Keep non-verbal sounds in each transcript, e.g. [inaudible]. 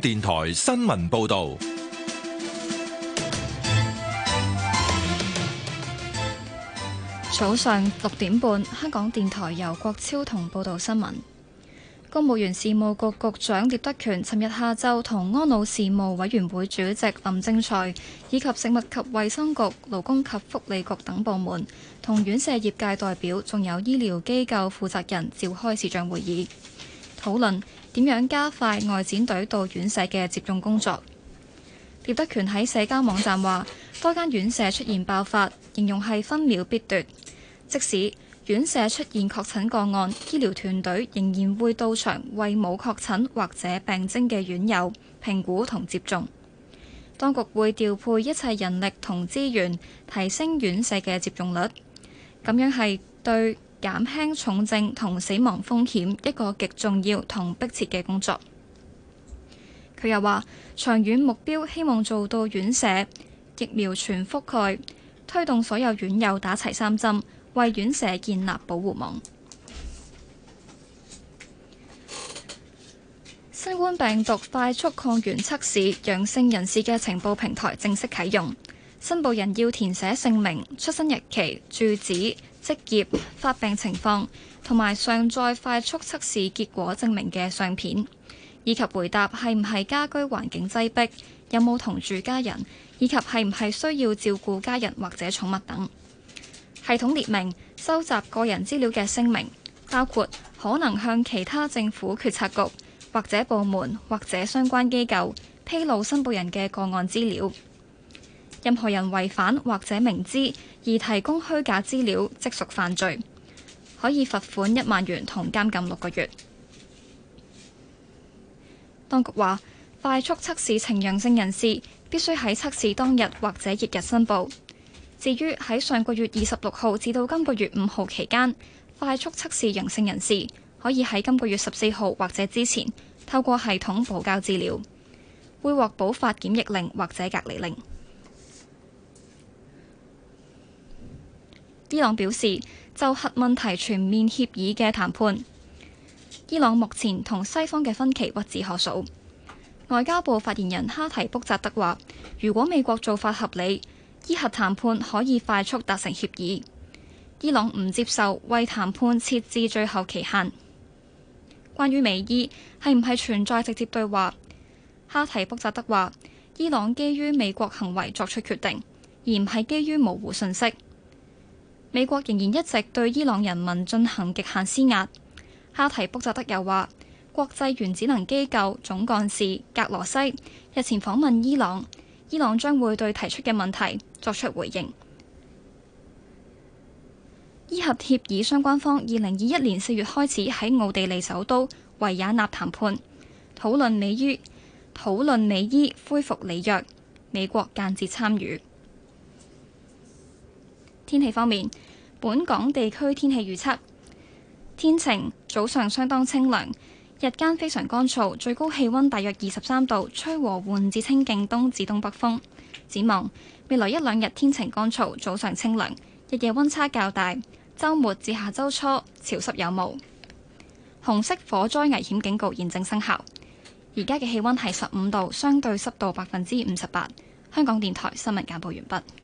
電台新聞報道：早上六點半，香港電台由郭超同報道新聞。公務員事務局局長聶德權尋日下晝同安老事務委員會主席林正財以及食物及衛生局、勞工及福利局等部門同院舍業界代表，仲有醫療機構負責人召開視像會議，討論。點樣加快外展隊到院舍嘅接種工作？聶德權喺社交網站話：多間院舍出現爆發，形容係分秒必奪。即使院舍出現確診個案，醫療團隊仍然會到場為冇確診或者病徵嘅院友評估同接種。當局會調配一切人力同資源，提升院舍嘅接種率。咁樣係對減輕重症同死亡風險，一個極重要同迫切嘅工作。佢又話：長遠目標希望做到院舍疫苗全覆蓋，推動所有院友打齊三針，為院舍建立保護網。 [noise] 新冠病毒快速抗原測試陽性人士嘅情報平台正式啟用，申報人要填寫姓名、出生日期、住址。職業、發病情況、同埋上載快速測試結果證明嘅相片，以及回答係唔係家居環境擠迫、有冇同住家人，以及係唔係需要照顧家人或者寵物等。系統列明收集個人資料嘅聲明，包括可能向其他政府決策局、或者部門、或者相關機構披露申報人嘅個案資料。任何人違反或者明知。而提供虛假資料即屬犯罪，可以罰款一萬元同監禁六個月。當局話，快速測試呈陽性人士必須喺測試當日或者翌日申報。至於喺上個月二十六號至到今個月五號期間，快速測試陽性人士可以喺今個月十四號或者之前透過系統補交資料，會獲補發檢疫令或者隔離令。伊朗表示，就核問題全面協議嘅談判，伊朗目前同西方嘅分歧屈指可數。外交部發言人哈提卜扎德話，如果美國做法合理，伊核談判可以快速達成協議。伊朗唔接受為談判設置最後期限。關於美伊係唔係存在直接對話，哈提卜扎德話，伊朗基於美國行為作出決定，而唔係基於模糊信息。美國仍然一直對伊朗人民進行極限施壓。哈提卜扎德又話：國際原子能機構總幹事格羅西日前訪問伊朗，伊朗將會對提出嘅問題作出回應。伊核協議相關方二零二一年四月開始喺奧地利首都維也納談判，討論美伊討論美伊恢復履約，美國間接參與。天氣方面，本港地區天氣預測：天晴，早上相當清涼，日間非常乾燥，最高氣溫大約二十三度，吹和緩至清勁東至東北風。展望未來一兩日天晴乾燥，早上清涼，日夜温差較大。週末至下週初潮濕有霧。紅色火災危險警告現正生效。而家嘅氣溫係十五度，相對濕度百分之五十八。香港電台新聞簡報完畢。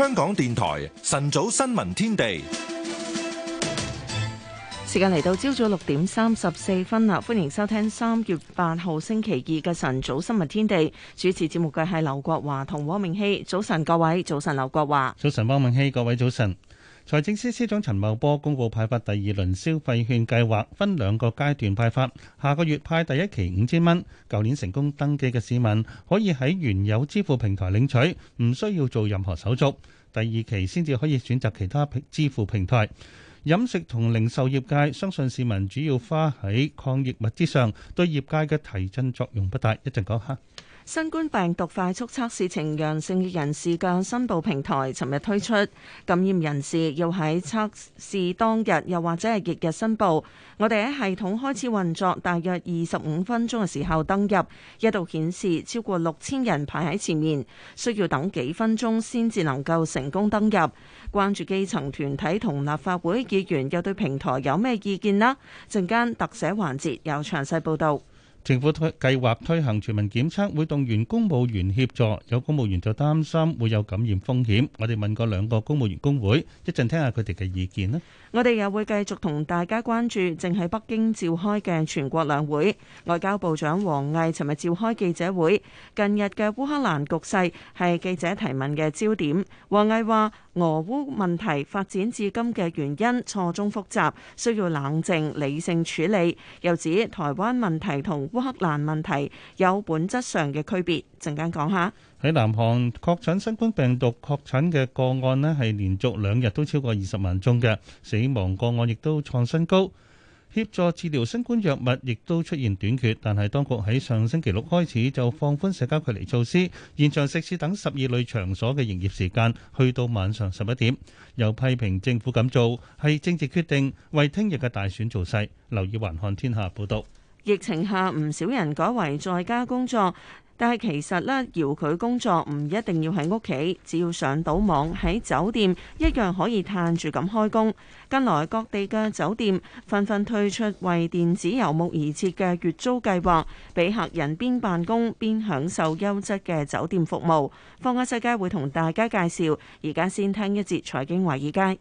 香港電台晨早新聞天地，時間嚟到朝早六點三十四分啦！歡迎收聽三月八號星期二嘅晨早新聞天地，主持節目嘅係劉國華同汪明熙。早晨各位，早晨劉國華，早晨汪明熙，各位早晨。財政司司長陳茂波公布派發第二輪消費券計劃，分兩個階段派發。下個月派第一期五千蚊，舊年成功登記嘅市民可以喺原有支付平台領取，唔需要做任何手續。第二期先至可以選擇其他支付平台。飲食同零售業界相信市民主要花喺抗疫物資上，對業界嘅提振作用不大。一陣講下。新冠病毒快速測試呈陽性嘅人士嘅申報平台，尋日推出。感染人士要喺測試當日，又或者係翌日申報，我哋喺系統開始運作，大約二十五分鐘嘅時候登入，一度顯示超過六千人排喺前面，需要等幾分鐘先至能夠成功登入。關注基層團體同立法會議員又對平台有咩意見啦？陣間特寫環節有詳細報道。政府推計劃推行全民檢測，會動員公務員協助。有公務員就擔心會有感染風險。我哋問過兩個公務員工會，一陣聽下佢哋嘅意見呢。我哋又會繼續同大家關注，正喺北京召開嘅全國兩會。外交部長王毅尋日召開記者會，近日嘅烏克蘭局勢係記者提問嘅焦點。王毅話，俄烏問題發展至今嘅原因錯綜複雜，需要冷靜理性處理。又指台灣問題同烏克蘭問題有本質上嘅區別。陣間講下。喺南韓，確診新冠病毒確診嘅個案呢，係連續兩日都超過二十萬宗嘅，死亡個案亦都創新高。協助治療新冠藥物亦都出現短缺，但係當局喺上星期六開始就放寬社交距離措施，延長食肆等十二類場所嘅營業時間，去到晚上十一點。有批評政府咁做係政治決定，為聽日嘅大選造勢。留意環看天下報導，疫情下唔少人改為在家工作。但係其實咧，遙距工作唔一定要喺屋企，只要上到網，喺酒店一樣可以嘆住咁開工。近來各地嘅酒店紛紛推出為電子遊牧而設嘅月租計劃，俾客人邊辦公邊享受優質嘅酒店服務。放下世界會同大家介紹。而家先聽一節財經華爾街。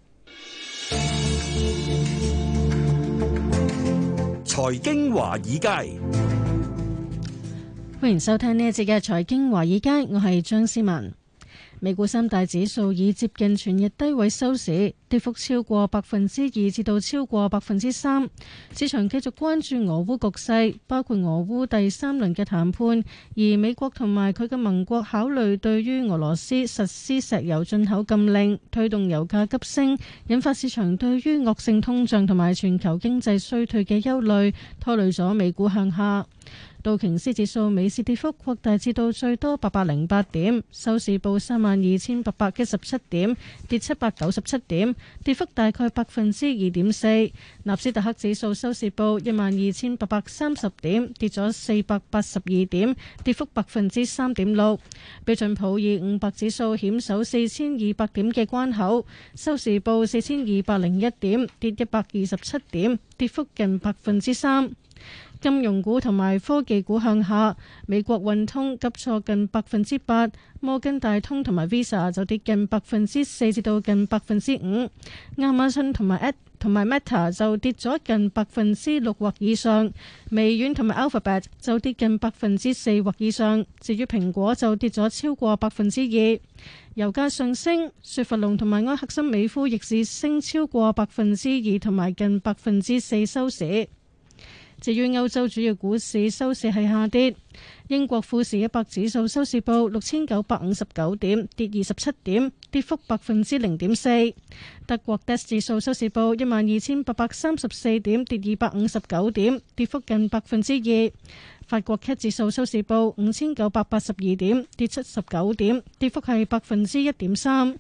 財經華爾街。財經華爾街。歡迎收聽呢一節嘅財經華爾街，我係張思文。美股三大指數已接近全日低位收市，跌幅超過百分之二至到超過百分之三。市場繼續關注俄烏局勢，包括俄烏第三輪嘅談判，而美國同埋佢嘅盟國考慮對於俄羅斯實施石油進口禁令，推動油價急升，引發市場對於惡性通脹同埋全球經濟衰退嘅憂慮，拖累咗美股向下。道瓊斯指數尾市跌幅擴大至到最多八百零八點，收市報三萬二千八百一十七點，跌七百九十七點，跌幅大概百分之二點四。納斯達克指數收市報一萬二千八百三十點，跌咗四百八十二點，跌幅百分之三點六。標準普爾五百指數險守四千二百點嘅關口，收市報四千二百零一點，跌一百二十七點，跌幅近百分之三。金融股同埋科技股向下，美國運通急挫近百分之八，摩根大通同埋 Visa 就跌近百分之四至到近百分之五，亞馬遜同埋 At 同埋 Meta 就跌咗近百分之六或以上，微軟同埋 Alphabet 就跌近百分之四或以上，至於蘋果就跌咗超過百分之二。油價上升，雪佛龍同埋埃克森美孚逆市升超過百分之二同埋近百分之四收市。至於歐洲主要股市收市係下跌，英國富時一百指數收市報六千九百五十九點，跌二十七點，跌幅百分之零點四。德國 DAX 指數收市報一萬二千八百三十四點，跌二百五十九點，跌幅近百分之二。法國 CAC 指數收市報五千九百八十二點，跌七十九點，跌幅係百分之一點三。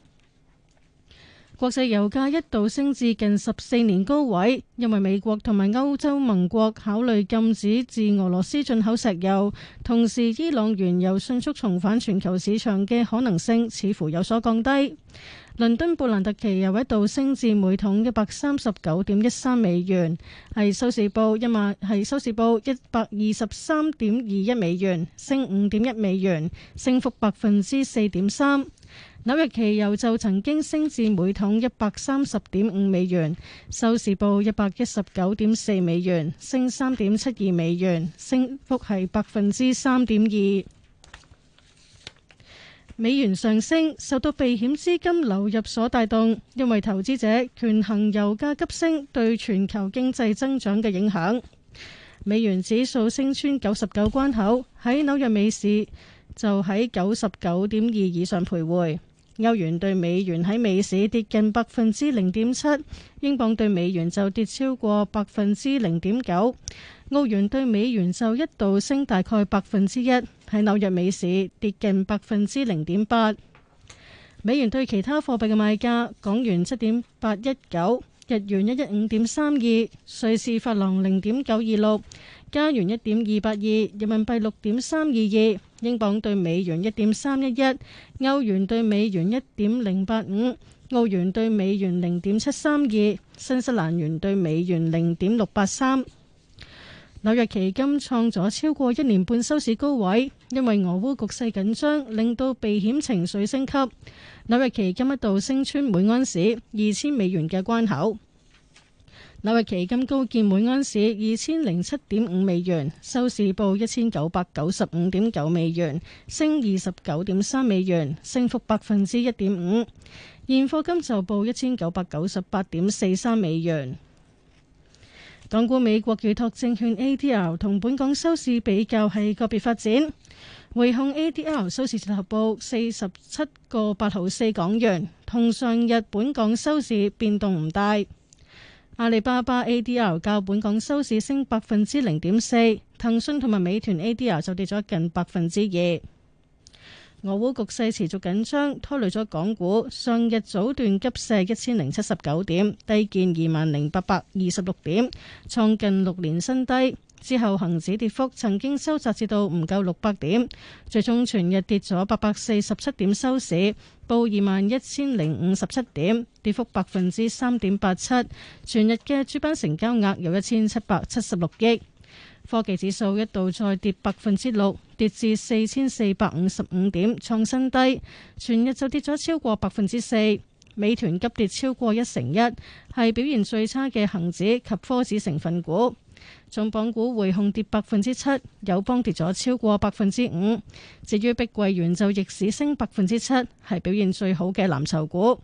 國際油價一度升至近十四年高位，因為美國同埋歐洲盟國考慮禁止自俄羅斯進口石油，同時伊朗原油迅速重返全球市場嘅可能性似乎有所降低。倫敦布蘭特期油一度升至每桶一百三十九點一三美元，係收市報一萬係收市報一百二十三點二一美元，升五點一美元，升幅百分之四點三。紐約期油就曾經升至每桶一百三十點五美元，收市報一百一十九點四美元，升三點七二美元，升幅係百分之三點二。美元上升受到避險資金流入所帶動，因為投資者權衡油價急升對全球經濟增長嘅影響。美元指數升穿九十九關口，喺紐約美市就喺九十九點二以上徘徊。歐元對美元喺美市跌近百分之零點七，英鎊對美元就跌超過百分之零點九，澳元對美元就一度升大概百分之一喺紐約美市跌近百分之零點八。美元對其他貨幣嘅賣價，港元七點八一九，日元一一五點三二，瑞士法郎零點九二六。加元一點二八二，2, 人民幣六點三二二，英鎊對美元一點三一一，歐元對美元一點零八五，澳元對美元零點七三二，新西蘭元對美元零點六八三。紐約期金創咗超過一年半收市高位，因為俄烏局勢緊張令到避險情緒升級，紐約期金一度升穿每安士二千美元嘅關口。紐約期金高見每盎司，二千零七點五美元，收市報一千九百九十五點九美元，升二十九點三美元，升幅百分之一點五。現貨金就報一千九百九十八點四三美元。港股美國預託證券 ADR 同本港收市比較係個別發展，匯控 ADR 收市折合報四十七個八毫四港元，同上日本港收市變動唔大。阿里巴巴 ADR 較本港收市升百分之零點四，騰訊同埋美團 ADR 就跌咗近百分之二。俄烏局勢持續緊張，拖累咗港股，上日早段急瀉一千零七十九點，低見二萬零八百二十六點，創近六年新低。之後恒指跌幅曾經收窄至到唔夠六百點，最終全日跌咗八百四十七點收市，報二萬一千零五十七點，跌幅百分之三點八七。全日嘅主板成交額有一千七百七十六億。科技指數一度再跌百分之六，跌至四千四百五十五點，創新低。全日就跌咗超過百分之四。美團急跌超過一成一，係表現最差嘅恒指及科指成分股。重磅股匯控跌百分之七，友邦跌咗超過百分之五。至於碧桂園就逆市升百分之七，係表現最好嘅藍籌股。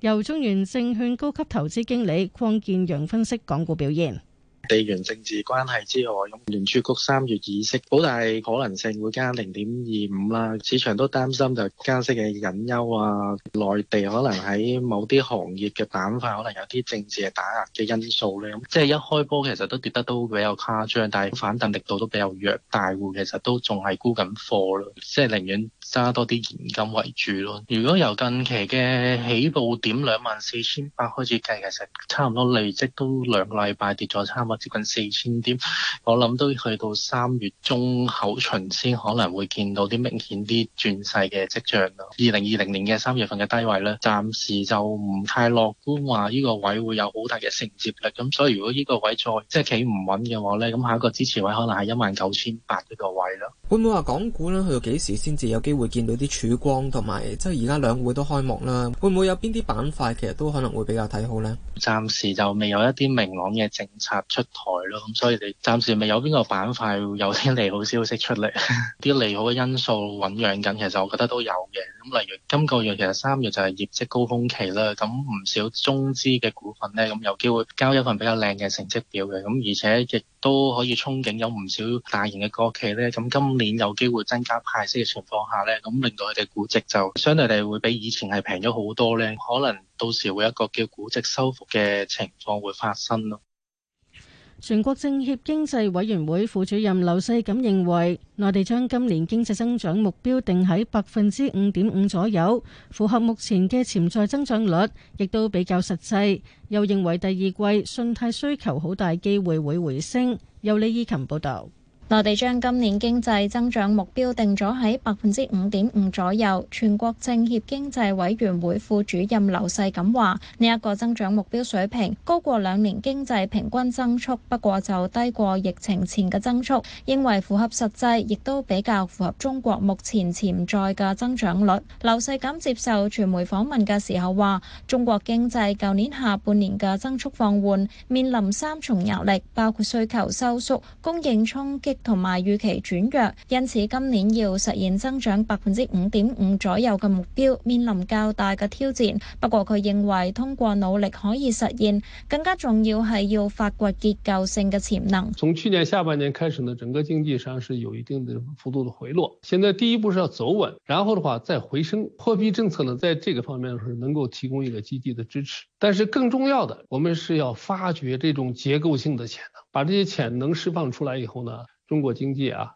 由中原證券高級投資經理鄺建陽分析港股表現。地緣政治關係之外，咁聯儲局三月議息好大可能性會加零點二五啦。市場都擔心就加息嘅隱憂啊，內地可能喺某啲行業嘅板塊可能有啲政治嘅打壓嘅因素咧。咁即係一開波其實都跌得都比較誇張，但係反彈力度都比較弱。大戶其實都仲係沽緊貨咯，即係寧願。揸多啲現金為主咯。如果由近期嘅起步點兩萬四千八開始計，其實差唔多累積都兩禮拜跌咗差唔多接近四千點。我諗都去到三月中下旬先可能會見到啲明顯啲轉勢嘅跡象啦。二零二零年嘅三月份嘅低位咧，暫時就唔太樂觀，話呢個位會有好大嘅承接力。咁所以如果呢個位再即係企唔穩嘅話咧，咁下一個支持位可能係一萬九千八呢個位咯。會唔會話港股咧去到幾時先至有機會？會見到啲曙光，同埋即係而家兩會都開幕啦，會唔會有邊啲板塊其實都可能會比較睇好呢？暫時就未有一啲明朗嘅政策出台咯，咁所以你暫時未有邊個板塊有啲利好消息出嚟，啲 [laughs] 利好嘅因素醞釀緊，其實我覺得都有嘅。咁例如今個月其實三月就係業績高峰期啦，咁唔少中資嘅股份呢，咁有機會交一份比較靚嘅成績表嘅，咁而且亦……都可以憧憬有唔少大型嘅國企咧，咁今年有機會增加派息嘅情況下咧，咁令到佢哋估值，就相對地會比以前係平咗好多咧，可能到時會一個叫估值修復嘅情況會發生咯。全國政協經濟委員會副主任劉世錦認為，內地將今年經濟增長目標定喺百分之五點五左右，符合目前嘅潛在增長率，亦都比較實際。又認為第二季信貸需求好大機會會回升。由李依琴報道。內地將今年經濟增長目標定咗喺百分之五點五左右。全國政協經濟委員會副主任劉世錦話：呢一個增長目標水平高過兩年經濟平均增速，不過就低過疫情前嘅增速。認為符合實際，亦都比較符合中國目前潛在嘅增長率。劉世錦接受傳媒訪問嘅時候話：中國經濟舊年下半年嘅增速放緩，面臨三重壓力，包括需求收縮、供應衝擊。同埋預期轉弱，因此今年要實現增長百分之五點五左右嘅目標，面臨較大嘅挑戰。不過佢認為通過努力可以實現，更加重要係要發掘結構性嘅潛能。從去年下半年開始呢，整個經濟上是有一定的幅度的回落。現在第一步是要走穩，然後的話再回升。貨幣政策呢，在這個方面是能夠提供一個積極的支持，但是更重要的，我們是要發掘這種結構性的潛能。把這些潛能釋放出來以後呢，中國經濟啊。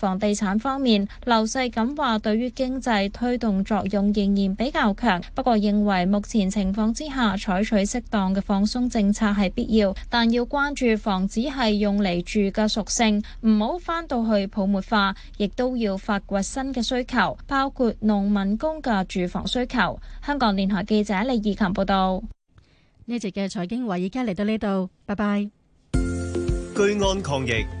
房地產方面，劉世錦話，對於經濟推動作用仍然比較強，不過，認為目前情況之下，採取適當嘅放鬆政策係必要，但要關注房子係用嚟住嘅屬性，唔好返到去泡沫化，亦都要發掘新嘅需求，包括農民工嘅住房需求。香港電台記者李義琴報道。呢節嘅財經話，而家嚟到呢度，拜拜。居安抗疫。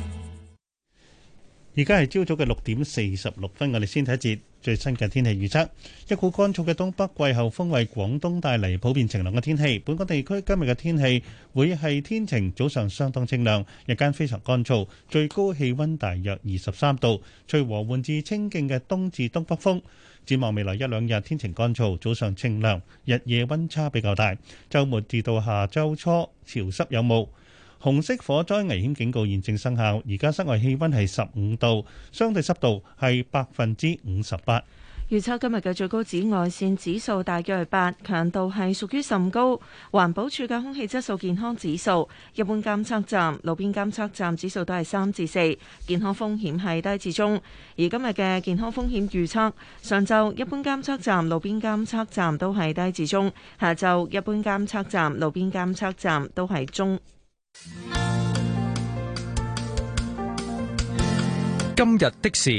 而家係朝早嘅六點四十六分，我哋先睇一節最新嘅天氣預測。一股乾燥嘅東北季候風為廣東帶嚟普遍晴朗嘅天氣。本港地區今日嘅天氣會係天晴，早上相當清涼，日間非常乾燥，最高氣溫大約二十三度。吹和緩至清勁嘅冬至東北風，展望未來一兩日天，天晴乾燥，早上清涼，日夜溫差比較大。週末至到下週初潮濕有霧。紅色火災危險警告現正生效。而家室外氣溫係十五度，相對濕度係百分之五十八。預測今日嘅最高紫外線指數大約係八，強度係屬於甚高。環保署嘅空氣質素健康指數，一般監測站、路邊監測站指數都係三至四，健康風險係低至中。而今日嘅健康風險預測，上晝一般監測站、路邊監測站都係低至中；下晝一般監測站、路邊監測站都係中。今日的事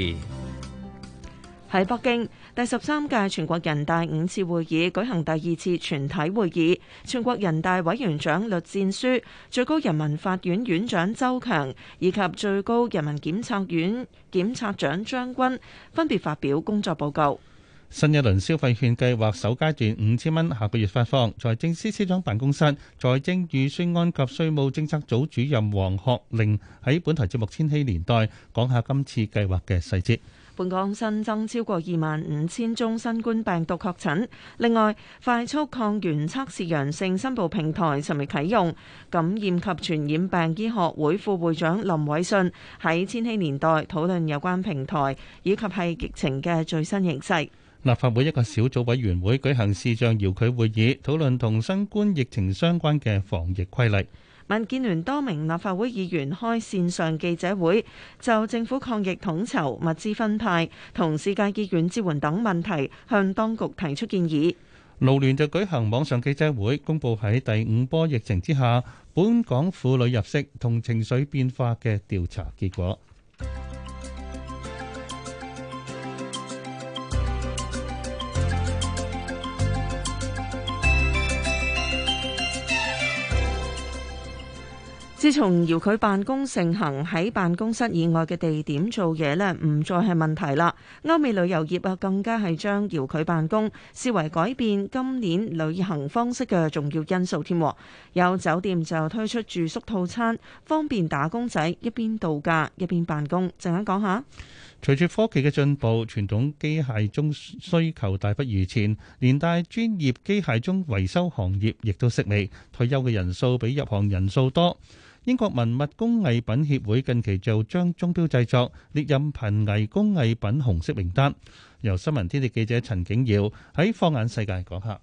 喺北京第十三屆全國人大五次會議舉行第二次全體會議，全國人大委員長栗戰書、最高人民法院院長周強以及最高人民檢察院檢察長張軍分別發表工作報告。新一輪消費券計劃首階段五千蚊，下個月發放。財政司司長辦公室財政預算案及稅務政策組主任黃學玲喺本台節目《千禧年代》講下今次計劃嘅細節。本港新增超過二萬五千宗新冠病毒確診，另外快速抗原測試陽性申報平台尋日啟用。感染及傳染病醫學會副會長林偉信喺《千禧年代》討論有關平台以及係疫情嘅最新形勢。立法會一個小組委員會舉行視像遙距會議，討論同新冠疫情相關嘅防疫規例。民建聯多名立法會議員開線上記者會，就政府抗疫統籌、物資分派同私家醫院支援等問題向當局提出建議。勞聯就舉行網上記者會，公布喺第五波疫情之下，本港婦女入息同情緒變化嘅調查結果。自從遙距辦公盛行，喺辦公室以外嘅地點做嘢呢，唔再係問題啦。歐美旅遊業啊，更加係將遙距辦公視為改變今年旅行方式嘅重要因素添。有酒店就推出住宿套餐，方便打工仔一邊度假一邊辦公。陣間講下，隨住科技嘅進步，傳統機械中需求大不如前，連帶專業機械中維修行業亦都式微。退休嘅人數比入行人數多。英國文物工藝品協會近期就將鐘錶製作列入瀕危工藝品紅色名單。由新聞天地記者陳景耀喺放眼世界講下。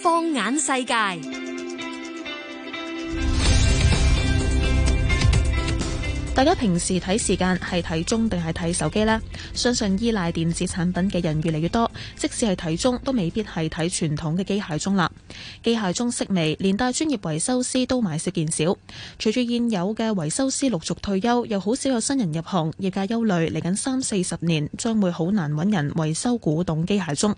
放眼世界。大家平時睇時間係睇鐘定係睇手機呢？相信依賴電子產品嘅人越嚟越多，即使係睇鐘都未必係睇傳統嘅機械鐘啦。機械鐘式微，連帶專業維修師都買少見少。隨住現有嘅維修師陸續退休，又好少有新人入行，業界憂慮嚟緊三四十年，將會好難揾人維修古董機械鐘。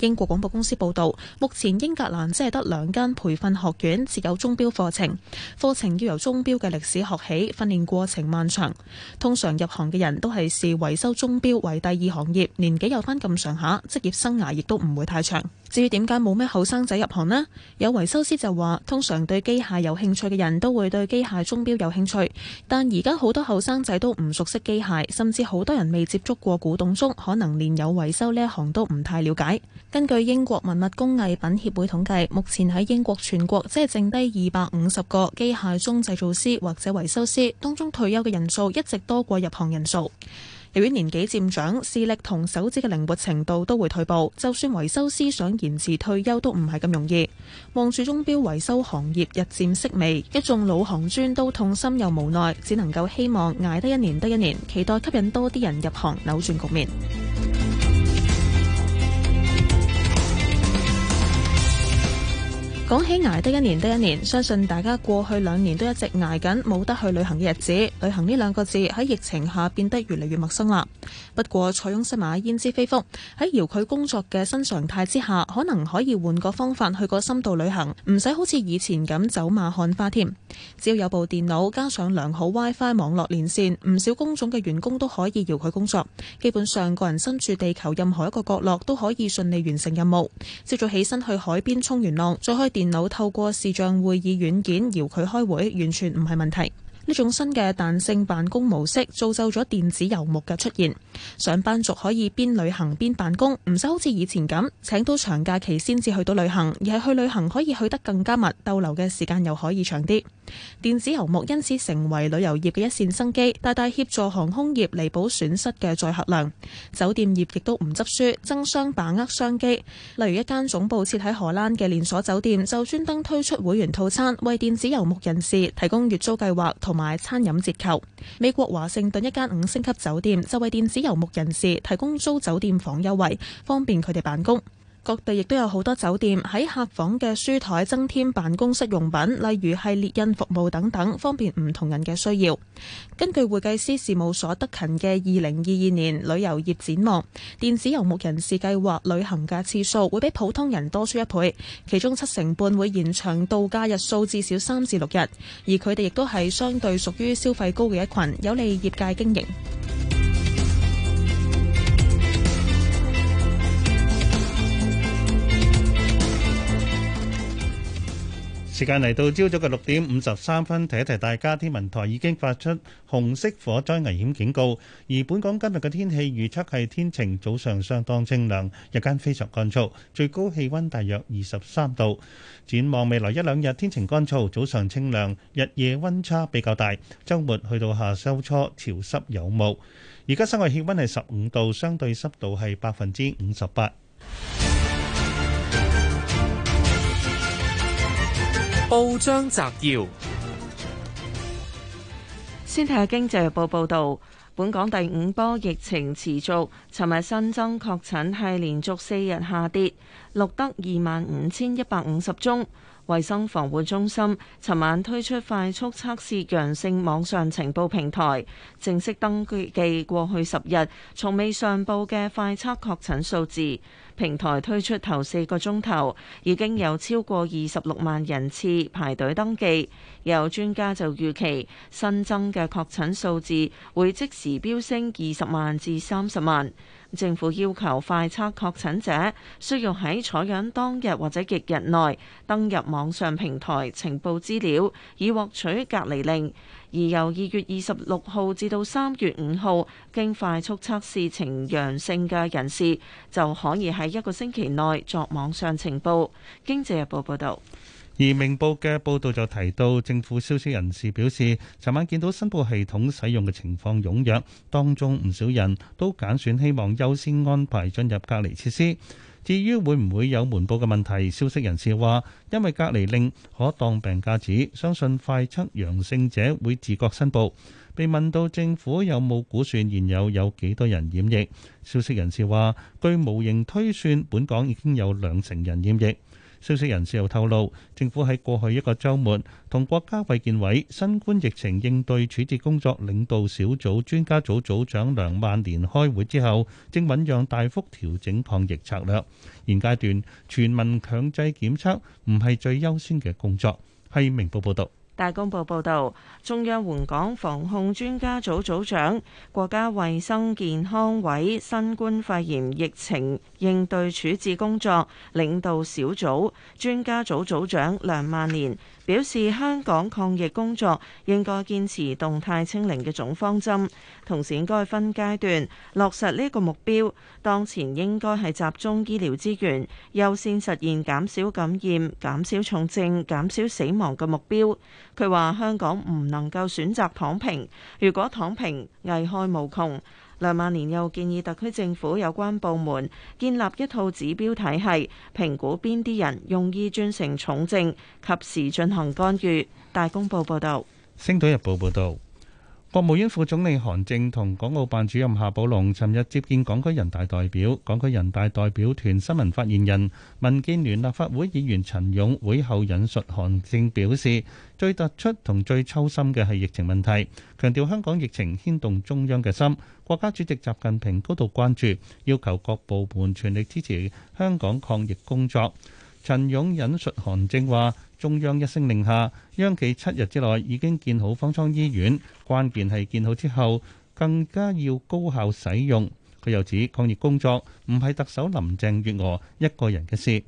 英國廣播公司報道，目前英格蘭只係得兩間培訓學院設有鐘錶課程，課程要由鐘錶嘅歷史學起，訓練過程漫長。通常入行嘅人都係視維修鐘錶為第二行業，年紀有翻咁上下，職業生涯亦都唔會太長。至於點解冇咩後生仔入行呢？有維修師就話，通常對機械有興趣嘅人都會對機械鐘錶有興趣，但而家好多後生仔都唔熟悉機械，甚至好多人未接觸過古董鐘，可能連有維修呢一行都唔太了解。根據英國文物工藝品協會統計，目前喺英國全國只係剩低二百五十個機械鐘製造師或者維修師，當中退休嘅人數一直多過入行人數。由於年紀漸長，視力同手指嘅靈活程度都會退步，就算維修師想延遲退休都唔係咁容易。望住鐘錶維修行業日漸式微，一眾老行尊都痛心又無奈，只能夠希望捱得一年得一年，期待吸引多啲人入行，扭轉局面。講起捱得一年得一年，相信大家過去兩年都一直捱緊冇得去旅行嘅日子。旅行呢兩個字喺疫情下變得越嚟越陌生啦。不過塞翁失馬焉知非福，喺遙距工作嘅新常態之下，可能可以換個方法去個深度旅行，唔使好似以前咁走馬看花添。只要有部電腦加上良好 WiFi 網絡連線，唔少工種嘅員工都可以遙距工作。基本上個人身處地球任何一個角落都可以順利完成任務。朝早起身去海邊衝完浪，再開。電腦透過視像會議軟件遙距開會，完全唔係問題。呢種新嘅彈性辦公模式，造就咗電子游牧嘅出現。上班族可以邊旅行邊辦公，唔使好似以前咁，請到長假期先至去到旅行，而係去旅行可以去得更加密，逗留嘅時間又可以長啲。電子遊牧因此成為旅遊業嘅一線生機，大大協助航空業彌補損，損失嘅載客量。酒店業亦都唔執輸，爭相把握商機。例如一間總部設喺荷蘭嘅連鎖酒店就專登推出會員套餐，為電子遊牧人士提供月租計劃同埋餐飲折扣。美國華盛頓一間五星級酒店就為電子遊牧人士提供租酒店房優惠，方便佢哋辦公。各地亦都有好多酒店喺客房嘅書枱增添辦公室用品，例如係列印服務等等，方便唔同人嘅需要。根據會計師事務所德勤嘅二零二二年旅遊業展望，電子遊牧人士計劃旅行嘅次數會比普通人多出一倍，其中七成半會延長度假日數至少三至六日，而佢哋亦都係相對屬於消費高嘅一群，有利業界經營。時間嚟到朝早嘅六點五十三分，提一提大家，天文台已經發出紅色火災危險警告。而本港今日嘅天氣預測係天晴，天早上相當清涼，日間非常乾燥，最高氣溫大約二十三度。展望未來一兩日，天晴乾燥，早上清涼，日夜溫差比較大。週末去到下週初，潮濕有霧。而家室外氣溫係十五度，相對濕度係百分之五十八。報章摘要：先睇下《經濟日報》報道，本港第五波疫情持續，尋日新增確診係連續四日下跌，錄得二萬五千一百五十宗。衛生防護中心尋晚推出快速測試陽性網上情報平台，正式登記過去十日從未上報嘅快測確診數字。平台推出頭四個鐘頭已經有超過二十六萬人次排隊登記，有專家就預期新增嘅確診數字會即時飆升二十萬至三十萬，政府要求快測確診者需要喺採樣當日或者翌日內登入網上平台情報資料，以獲取隔離令。而由二月二十六號至到三月五號，經快速測試呈陽性嘅人士，就可以喺一個星期內作網上呈報。經濟日報報導，而明報嘅報導就提到，政府消息人士表示，尋晚見到申報系統使用嘅情況踴躍，當中唔少人都揀選希望優先安排進入隔離設施。至於會唔會有瞞報嘅問題？消息人士話，因為隔離令可當病假紙，相信快測陽性者會自覺申報。被問到政府有冇估算現有有幾多人染疫？消息人士話，據模型推算，本港已經有兩成人染疫。消息人士又透露，政府喺過去一個週末同國家衞健委新冠疫情應對處置工作領導小組專家組組長梁萬年開會之後，正醞釀大幅調整抗疫策略。現階段全民強制檢測唔係最優先嘅工作。係明報報導。大公報報導，中央援港防控專家組組長、國家衛生健康委新冠肺炎疫情應對處置工作領導小組專家組組長梁萬年，表示，香港抗疫工作應該堅持動態清零嘅總方針，同時應該分階段落實呢個目標，當前應該係集中醫療資源，優先實現減少感染、減少重症、減少死亡嘅目標，佢話香港唔能夠選擇躺平，如果躺平危害無窮。梁萬年又建議特區政府有關部門建立一套指標體系，評估邊啲人容易轉成重症，及時進行干預。大公報報道，《星島日報》報道。國務院副總理韓正同港澳辦主任夏寶龍尋日接見港區人大代表、港區人大代表團新聞發言人、民建聯立法會議員陳勇，會後引述韓正表示，最突出同最揪心嘅係疫情問題，強調香港疫情牽動中央嘅心，國家主席習近平高度關注，要求各部門全力支持香港抗疫工作。陳勇引述韓正話：中央一聲令下，央企七日之內已經建好方艙醫院，關鍵係建好之後更加要高效使用。佢又指抗疫工作唔係特首林鄭月娥一個人嘅事。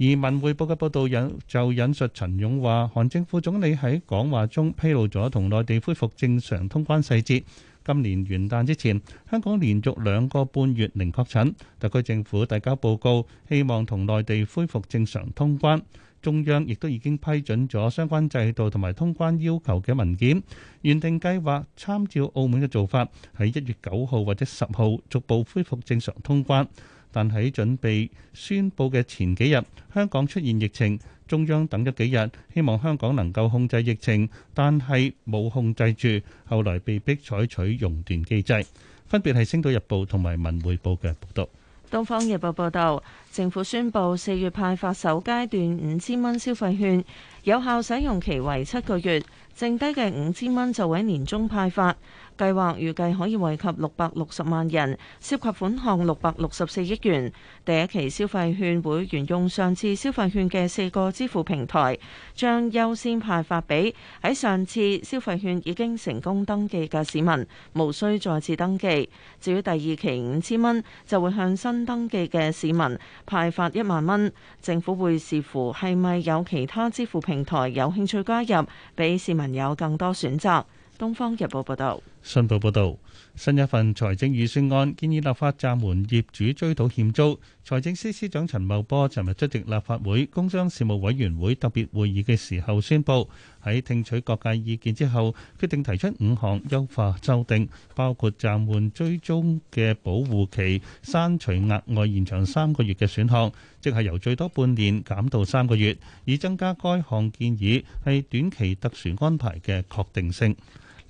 而文匯報嘅報道引就引述陳勇話：韓正副總理喺講話中披露咗同內地恢復正常通關細節。今年元旦之前，香港連續兩個半月零確診，特區政府提交報告，希望同內地恢復正常通關。中央亦都已經批准咗相關制度同埋通關要求嘅文件。原定計劃參照澳門嘅做法，喺一月九號或者十號逐步恢復正常通關，但喺準備宣佈嘅前幾日，香港出現疫情。中央等咗幾日，希望香港能夠控制疫情，但係冇控制住，後來被迫採取熔斷機制。分別係《星島日報》同埋《文匯報》嘅報道。《東方日報》報道，政府宣布四月派發首階段五千蚊消費券，有效使用期為七個月，剩低嘅五千蚊就喺年中派發。計劃預計可以惠及六百六十萬人，涉及款項六百六十四億元。第一期消費券會沿用上次消費券嘅四個支付平台，將優先派發俾喺上次消費券已經成功登記嘅市民，無需再次登記。至於第二期五千蚊，就會向新登記嘅市民派發一萬蚊。政府會視乎係咪有其他支付平台有興趣加入，俾市民有更多選擇。《東方日報》報道。信報報導，新一份財政預算案建議立法暫緩業主追討欠租。財政司司長陳茂波尋日出席立法會工商事務委員會特別會議嘅時候宣布，喺聽取各界意見之後，決定提出五項優化修訂，包括暫緩追蹤嘅保護期、刪除額外延長三個月嘅選項，即係由最多半年減到三個月，以增加該項建議係短期特殊安排嘅確定性。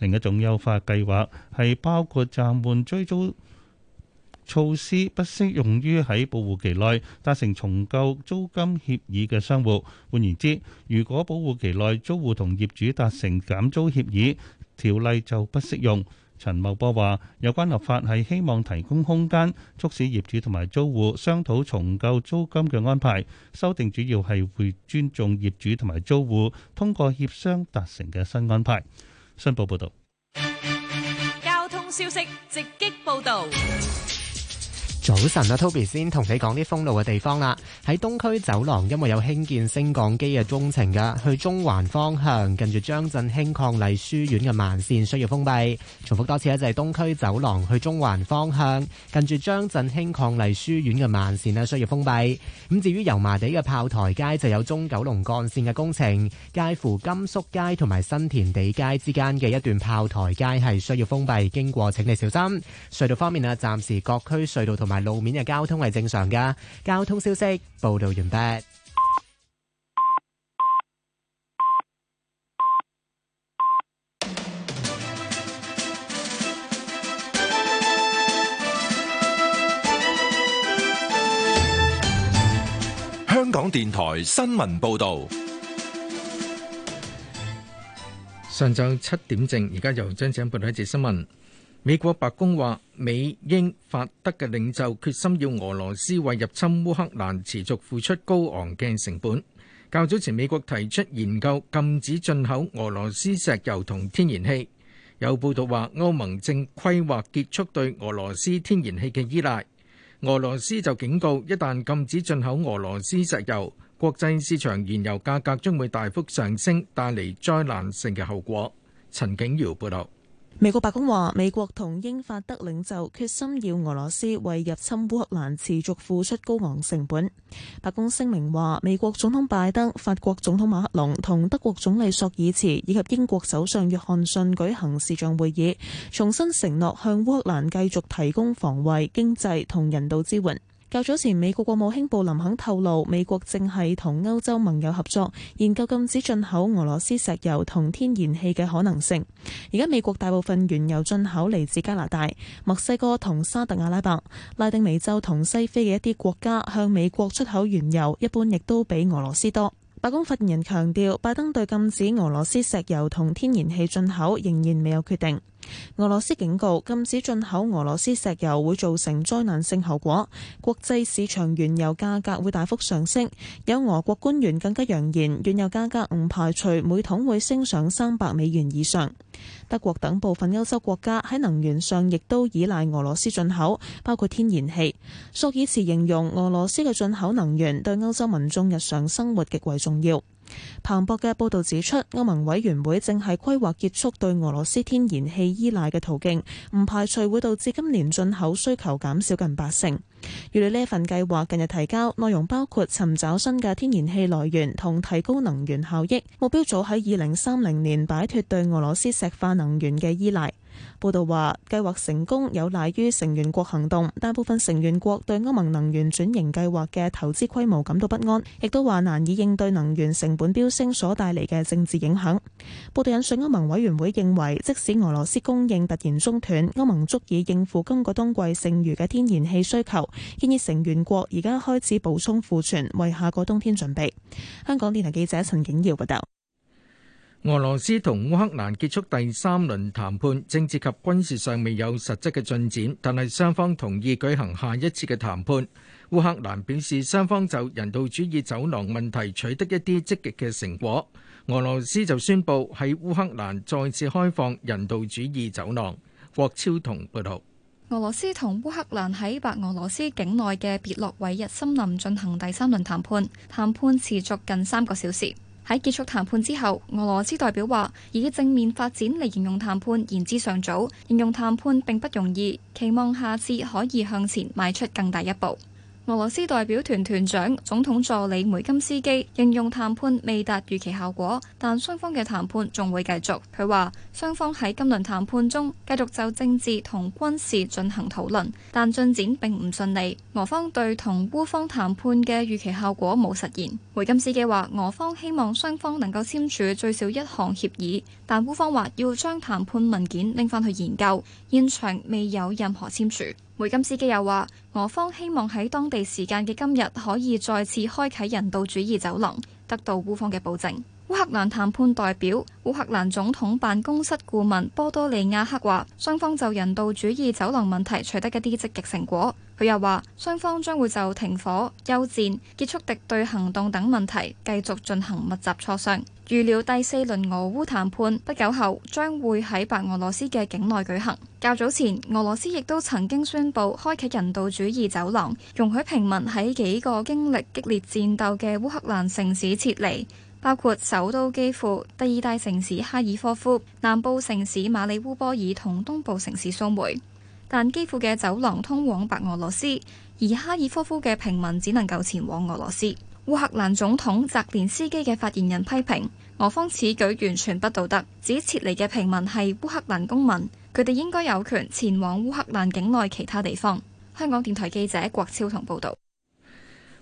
另一種優化計劃係包括暫緩追租措施，不適用於喺保護期內達成重構租金協議嘅商戶。換言之，如果保護期內租戶同業主達成減租協議，條例就不適用。陳茂波話：有關立法係希望提供空間，促使業主同埋租戶商討重構租金嘅安排。修訂主要係會尊重業主同埋租戶通過協商達成嘅新安排。新報報導，交通消息直擊報導。早晨啦，Toby 先同你講啲封路嘅地方啦。喺東區走廊，因為有興建升降機嘅工程㗎，去中環方向，近住張振興伉儷書院嘅慢線需要封閉。重複多次啦，就係東區走廊去中環方向，近住張振興伉儷書院嘅慢線啦需要封閉。咁至於油麻地嘅炮台街，就有中九龍幹線嘅工程，介乎甘肅街同埋新田地街之間嘅一段炮台街係需要封閉，經過請你小心。隧道方面啊，暫時各區隧道同埋。路面嘅交通係正常㗎。交通消息報道完畢。香港電台新聞報道。上晝七點正，而家由張井報道一節新聞。美國白宮話，美英法德嘅領袖決心要俄羅斯為入侵烏克蘭持續付出高昂嘅成本。較早前，美國提出研究禁止進口俄羅斯石油同天然氣。有報道話，歐盟正規劃結束對俄羅斯天然氣嘅依賴。俄羅斯就警告，一旦禁止進口俄羅斯石油，國際市場原油價格將會大幅上升，帶嚟災難性嘅後果。陳景瑤報道。美國白宮話，美國同英法德領袖決心要俄羅斯為入侵烏，烏克蘭持續付出高昂成本。白宮聲明話，美國總統拜登、法國總統馬克龍同德國總理朔爾茨以及英國首相約翰遜舉行視像會議，重新承諾向烏克蘭繼續提供防衛、經濟同人道支援。較早前，美國國務卿布林肯透露，美國正係同歐洲盟友合作，研究禁止進口俄羅斯石油同天然氣嘅可能性。而家美國大部分原油進口嚟自加拿大、墨西哥同沙特阿拉伯、拉丁美洲同西非嘅一啲國家，向美國出口原油一般亦都比俄羅斯多。白宮發言人強調，拜登對禁止俄羅斯石油同天然氣進口仍然未有決定。俄羅斯警告禁止進口俄羅斯石油會造成災難性後果，國際市場原油價格會大幅上升。有俄國官員更加揚言，原油價格唔排除每桶會升上三百美元以上。德國等部分歐洲國家喺能源上亦都依賴俄羅斯進口，包括天然氣。索爾茨形容俄羅斯嘅進口能源對歐洲民眾日常生活極為重要。彭博嘅報道指出，歐盟委員會正係規劃結束對俄羅斯天然氣依賴嘅途徑，唔排除會導致今年進口需求減少近八成。預料呢一份計劃近日提交，內容包括尋找新嘅天然氣來源同提高能源效益，目標早喺二零三零年擺脫對俄羅斯石化能源嘅依賴。報道話，計劃成功有賴於成員國行動，但部分成員國對歐盟能源轉型計劃嘅投資規模感到不安，亦都話難以應對能源成本飆升所帶嚟嘅政治影響。報道引述歐盟委員會認為，即使俄羅斯供應突然中斷，歐盟足以應付今個冬季剩餘嘅天然氣需求，建議成員國而家開始補充庫存，為下個冬天準備。香港電台記者陳景耀報道。俄羅斯同烏克蘭結束第三輪談判，政治及軍事上未有實質嘅進展，但係雙方同意舉行下一次嘅談判。烏克蘭表示雙方就人道主義走廊問題取得一啲積極嘅成果。俄羅斯就宣布喺烏克蘭再次開放人道主義走廊。郭超同報道：俄羅斯同烏克蘭喺白俄羅斯境內嘅別洛維日森林進行第三輪談判，談判持續近三個小時。喺結束談判之後，俄羅斯代表話：以正面發展嚟形容談判，言之尚早。形容談判並不容易，期望下次可以向前邁出更大一步。俄羅斯代表團團長、總統助理梅金斯基形容談判未達預期效果，但雙方嘅談判仲會繼續。佢話雙方喺今輪談判中繼續就政治同軍事進行討論，但進展並唔順利。俄方對同烏方談判嘅預期效果冇實現。梅金斯基話俄方希望雙方能夠簽署最少一項協議，但烏方話要將談判文件拎翻去研究，現場未有任何簽署。梅金斯基又話俄方希望喺當地時間嘅今日可以再次開啟人道主義走廊，得到烏方嘅保證。烏克蘭談判代表、烏克蘭總統辦公室顧問波多利亞克話：雙方就人道主義走廊問題取得一啲積極成果。佢又話，雙方將會就停火、休戰、結束敵對行動等問題繼續進行密集磋商。預料第四輪俄烏談判不久後將會喺白俄羅斯嘅境內舉行。較早前，俄羅斯亦都曾經宣布開啟人道主義走廊，容許平民喺幾個經歷激烈戰鬥嘅烏克蘭城市撤離。包括首都基輔、第二大城市哈爾科夫、南部城市馬里烏波爾同東部城市蘇梅，但基輔嘅走廊通往白俄羅斯，而哈爾科夫嘅平民只能夠前往俄羅斯。烏克蘭總統澤連斯基嘅發言人批評俄方此舉完全不道德，指撤離嘅平民係烏克蘭公民，佢哋應該有權前往烏克蘭境內其他地方。香港電台記者郭超同報道。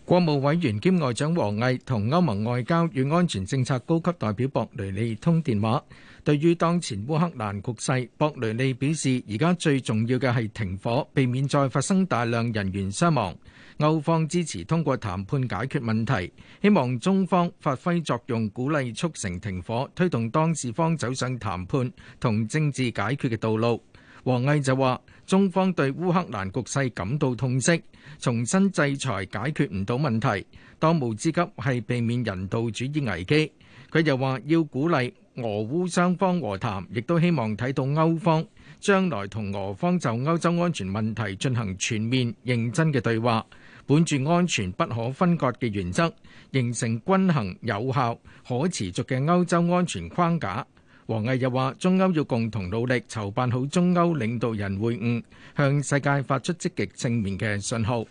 國務委員兼外長王毅同歐盟外交與安全政策高級代表博雷利通電話，對於當前烏克蘭局勢，博雷利表示而家最重要嘅係停火，避免再發生大量人員傷亡。歐方支持通過談判解決問題，希望中方發揮作用，鼓勵促成停火，推動當事方走上談判同政治解決嘅道路。王毅就話：中方對烏克蘭局勢感到痛惜，重新制裁解決唔到問題，當務之急係避免人道主義危機。佢又話要鼓勵俄烏雙方和談，亦都希望睇到歐方將來同俄方就歐洲安全問題進行全面認真嘅對話，本住安全不可分割嘅原則，形成均衡、有效、可持續嘅歐洲安全框架。王毅又話：中歐要共同努力，籌辦好中歐領導人會晤，向世界發出積極正面嘅信號。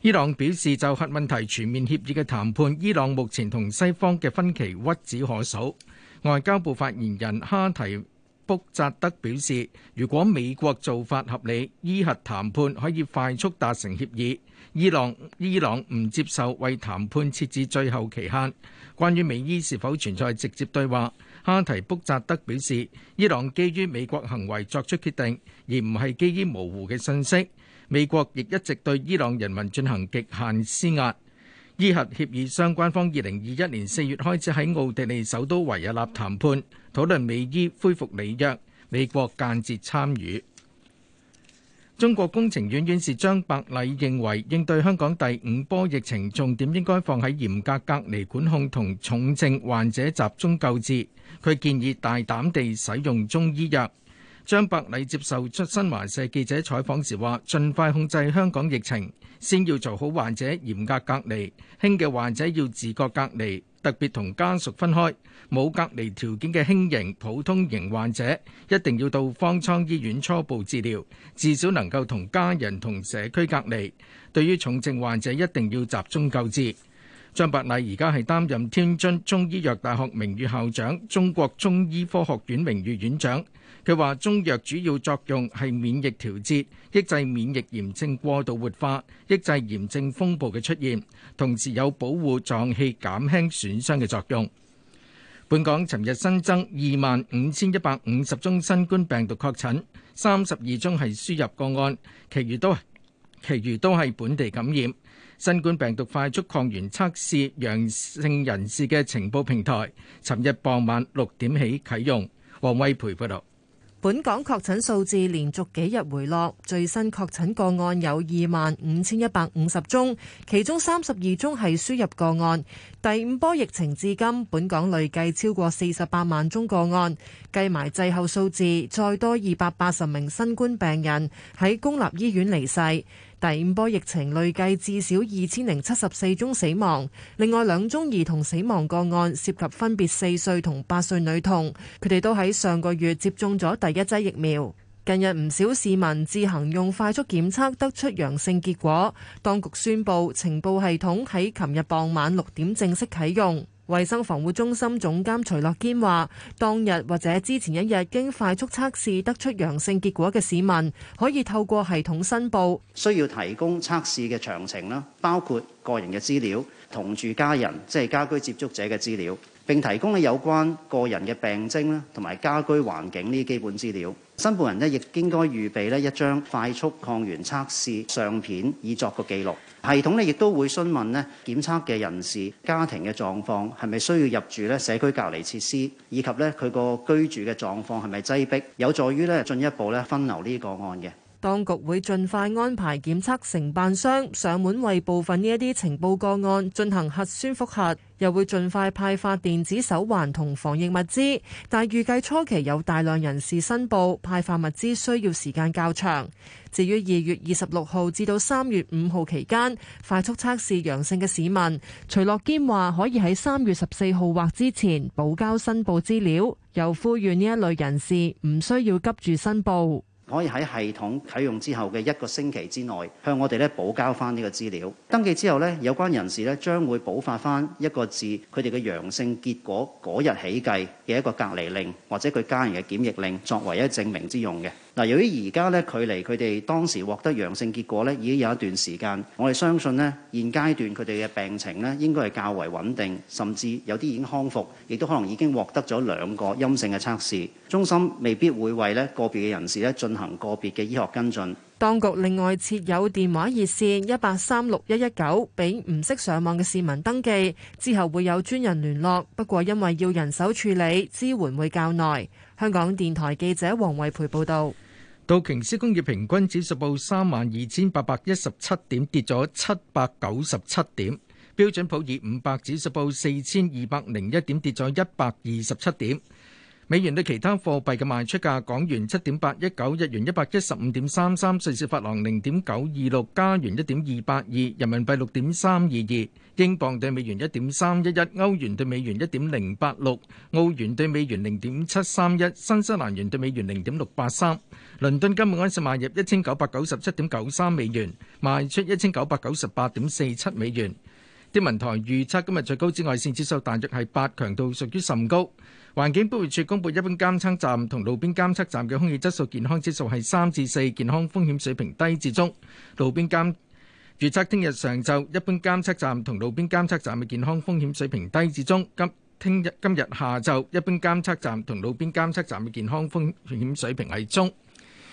伊朗表示，就核問題全面協議嘅談判，伊朗目前同西方嘅分歧屈指可數。外交部發言人哈提卜扎德表示，如果美國做法合理，伊核談判可以快速達成協議。伊朗伊朗唔接受為談判設置最後期限。關於美伊是否存在直接對話？哈提卜扎德表示，伊朗基於美國行為作出決定，而唔係基於模糊嘅信息。美國亦一直對伊朗人民進行極限施壓。伊核協議相關方2021年4月開始喺奧地利首都維也納談判，討論美伊恢復履約。美國間接參與。中國工程院院士張伯禮認為，應對香港第五波疫情，重點應該放喺嚴格隔離管控同重症患者集中救治。佢建議大膽地使用中醫藥。張伯禮接受出新華社記者採訪時話：盡快控制香港疫情，先要做好患者嚴格隔離，輕嘅患者要自覺隔離。特別同家屬分開，冇隔離條件嘅輕型、普通型患者一定要到方艙醫院初步治療，至少能夠同家人同社區隔離。對於重症患者，一定要集中救治。張伯禮而家係擔任天津中醫藥大學名譽校長、中國中醫科學院名譽院長。佢話：中藥主要作用係免疫調節，抑制免疫炎症過度活化，抑制炎症風暴嘅出現，同時有保護臟器、減輕損傷嘅作用。本港尋日新增二萬五千一百五十宗新冠病毒確診，三十二宗係輸入個案，其餘都其餘都係本地感染。新冠病毒快速抗原測試陽性人士嘅情報平台，尋日傍晚六點起啟用。王威培報道。本港確診數字連續幾日回落，最新確診個案有二萬五千一百五十宗，其中三十二宗係輸入個案。第五波疫情至今，本港累計超過四十八萬宗個案，計埋滯後數字，再多二百八十名新冠病人喺公立醫院離世。第五波疫情累計至少二千零七十四宗死亡，另外兩宗兒童死亡個案涉及分別四歲同八歲女童，佢哋都喺上個月接種咗第一劑疫苗。近日唔少市民自行用快速檢測得出陽性結果，當局宣布情報系統喺琴日傍晚六點正式啟用。衛生防護中心總監徐樂堅話，當日或者之前一日經快速測試得出陽性結果嘅市民，可以透過系統申報，需要提供測試嘅詳情啦，包括個人嘅資料、同住家人，即係家居接觸者嘅資料，並提供有關個人嘅病徵啦，同埋家居環境呢啲基本資料。申報人呢，亦應該預備呢一張快速抗原測試相片，以作個記錄。系統呢亦都會詢問呢檢測嘅人士家庭嘅狀況係咪需要入住呢社區隔離設施，以及呢佢個居住嘅狀況係咪擠迫，有助於呢進一步呢分流呢啲個案嘅。當局會盡快安排檢測承辦商上門為部分呢一啲呈報個案進行核酸複核。又會盡快派發電子手環同防疫物資，但係預計初期有大量人士申報，派發物資需要時間較長。至於二月二十六號至到三月五號期間快速測試陽性嘅市民，徐樂堅話可以喺三月十四號或之前補交申報資料，又呼籲呢一類人士唔需要急住申報。可以喺系統啟用之後嘅一個星期之內，向我哋呢補交返呢個資料。登記之後呢，有關人士呢將會補發返一個自佢哋嘅陽性結果嗰日起計嘅一個隔離令，或者佢家人嘅檢疫令，作為一個證明之用嘅。嗱，由於而家咧，距離佢哋當時獲得陽性結果咧，已經有一段時間，我哋相信咧，現階段佢哋嘅病情咧，應該係較為穩定，甚至有啲已經康復，亦都可能已經獲得咗兩個陰性嘅測試，中心未必會為咧個別嘅人士咧進行個別嘅醫學跟進。當局另外設有電話熱線一八三六一一九，俾唔識上網嘅市民登記，之後會有專人聯絡。不過因為要人手處理支援會較耐。香港電台記者黃慧培報道。道瓊斯工業平均指數報三萬二千八百一十七點，跌咗七百九十七點。標準普爾五百指數報四千二百零一點，跌咗一百二十七點。美元對其他貨幣嘅賣出價：港元七點八一九，日元一百一十五點三三，瑞士法郎零點九二六，加元一點二八二，人民幣六點三二二，英鎊對美元一點三一一，歐元對美元一點零八六，澳元對美元零點七三一，新西蘭元對美元零點六八三。倫敦金每盎司賣入一千九百九十七點九三美元，賣出一千九百九十八點四七美元。天文台預測今日最高紫外線指數大約係八強度，屬於甚高。環境保護署公布一般監測站同路邊監測站嘅空氣質素健康指數係三至四，健康風險水平低至中。路邊監預測聽日上晝一般監測站同路邊監測站嘅健康風險水平低至中。今聽日今日下晝一般監測站同路邊監測站嘅健康風險水平係中。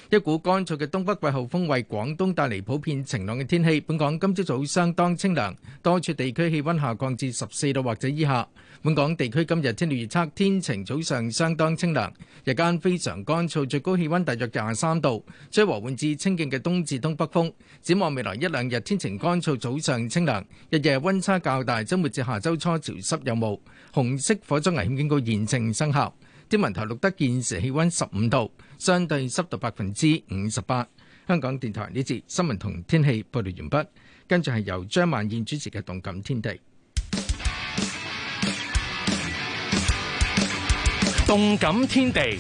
一股乾燥嘅東北季候風為廣東帶嚟普遍晴朗嘅天氣，本港今朝早相當清涼，多處地區氣溫下降至十四度或者以下。本港地區今日天氣預測：天晴，早上相當清涼，日間非常乾燥，最高氣溫大約廿三度，吹和緩至清勁嘅東至東北風。展望未來一兩日，天晴乾燥，早上清涼，日夜溫差較大，週末至下週初潮濕有霧。紅色火災危險警告現正生效。天文台錄得現時氣溫十五度，相對濕度百分之五十八。香港電台呢節新聞同天氣報道完畢，跟住係由張曼燕主持嘅《動感天地》。動感天地，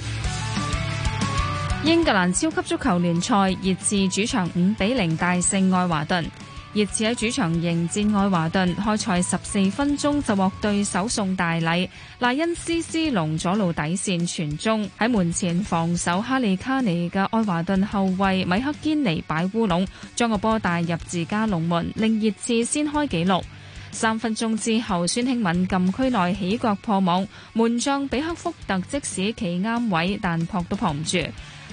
英格蘭超級足球聯賽熱刺主場五比零大勝愛華頓。熱刺喺主場迎戰愛華頓，開賽十四分鐘就獲對手送大禮，賴恩斯·斯隆左路底線傳中，喺門前防守哈利卡尼嘅愛華頓後衛米克堅尼擺烏龍，將個波帶入自家龍門，令熱刺先開紀錄。三分鐘之後，孫興敏禁區內起腳破網，門將比克福特即使企啱位，但撲都撲唔住。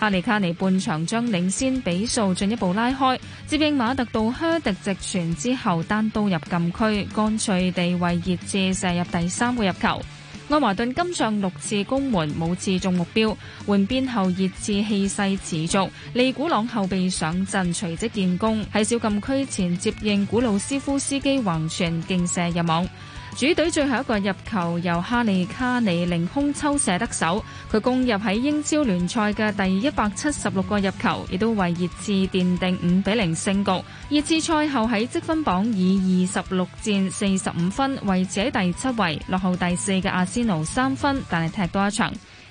哈利卡尼半場將領先比數進一步拉開，接應馬特道靴迪直傳之後，單刀入禁區，乾脆地為熱刺射入第三個入球。愛華頓今仗六次攻門，冇次中目標。換邊後熱刺氣勢持續，利古朗後備上陣，隨即建功，喺小禁區前接應古魯斯夫斯基橫傳勁射入網。主隊最後一個入球由哈利卡尼凌空抽射得手，佢攻入喺英超聯賽嘅第一百七十六個入球，亦都為熱刺奠定五比零勝局。熱刺賽後喺積分榜以二十六戰四十五分維持喺第七位，落後第四嘅阿仙奴三分，但係踢多一場。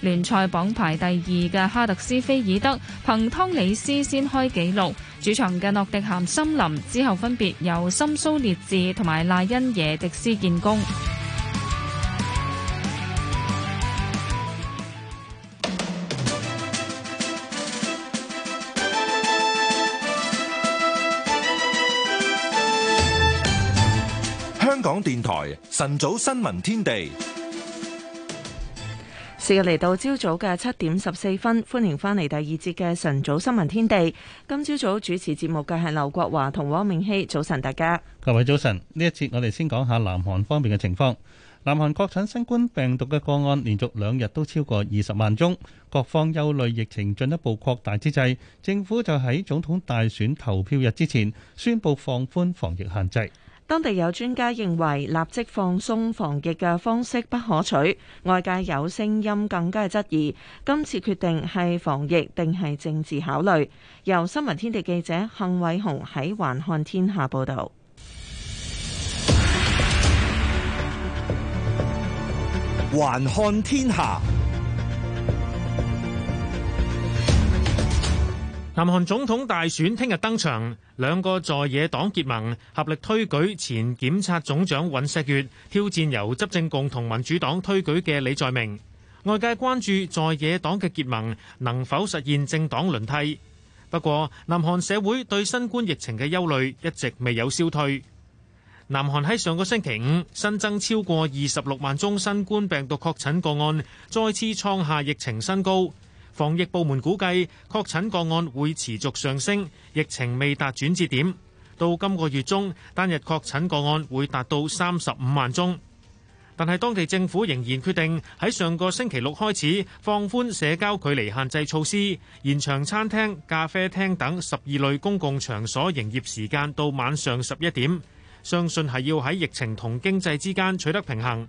聯賽榜排第二嘅哈特斯菲爾德，憑湯里斯先開紀錄；主場嘅諾迪咸森林之後分別由森蘇列治同埋賴恩耶迪斯建功。香港電台晨早新聞天地。今日嚟到朝早嘅七點十四分，歡迎翻嚟第二節嘅晨早新聞天地。今朝早主持節目嘅係劉國華同汪明熙。早晨大家，各位早晨。呢一節我哋先講下南韓方面嘅情況。南韓確診新冠病毒嘅個案連續兩日都超過二十萬宗，各方憂慮疫情進一步擴大之際，政府就喺總統大選投票日之前宣布放寬防疫限制。當地有專家認為立即放鬆防疫嘅方式不可取，外界有聲音更加質疑，今次決定係防疫定係政治考慮。由新聞天地記者幸偉雄喺環看天下報導。環看天下。南韓總統大選聽日登場，兩個在野黨結盟，合力推舉前檢察總長尹錫悅，挑戰由執政共同民主黨推舉嘅李在明。外界關注在野黨嘅結盟能否實現政黨輪替。不過，南韓社會對新冠疫情嘅憂慮一直未有消退。南韓喺上個星期五新增超過二十六萬宗新冠病毒確診個案，再次創下疫情新高。防疫部門估計確診個案會持續上升，疫情未達轉折點。到今個月中，單日確診個案會達到三十五萬宗。但係當地政府仍然決定喺上個星期六開始放寬社交距離限制措施，延長餐廳、咖啡廳等十二類公共場所營業時間到晚上十一點，相信係要喺疫情同經濟之間取得平衡。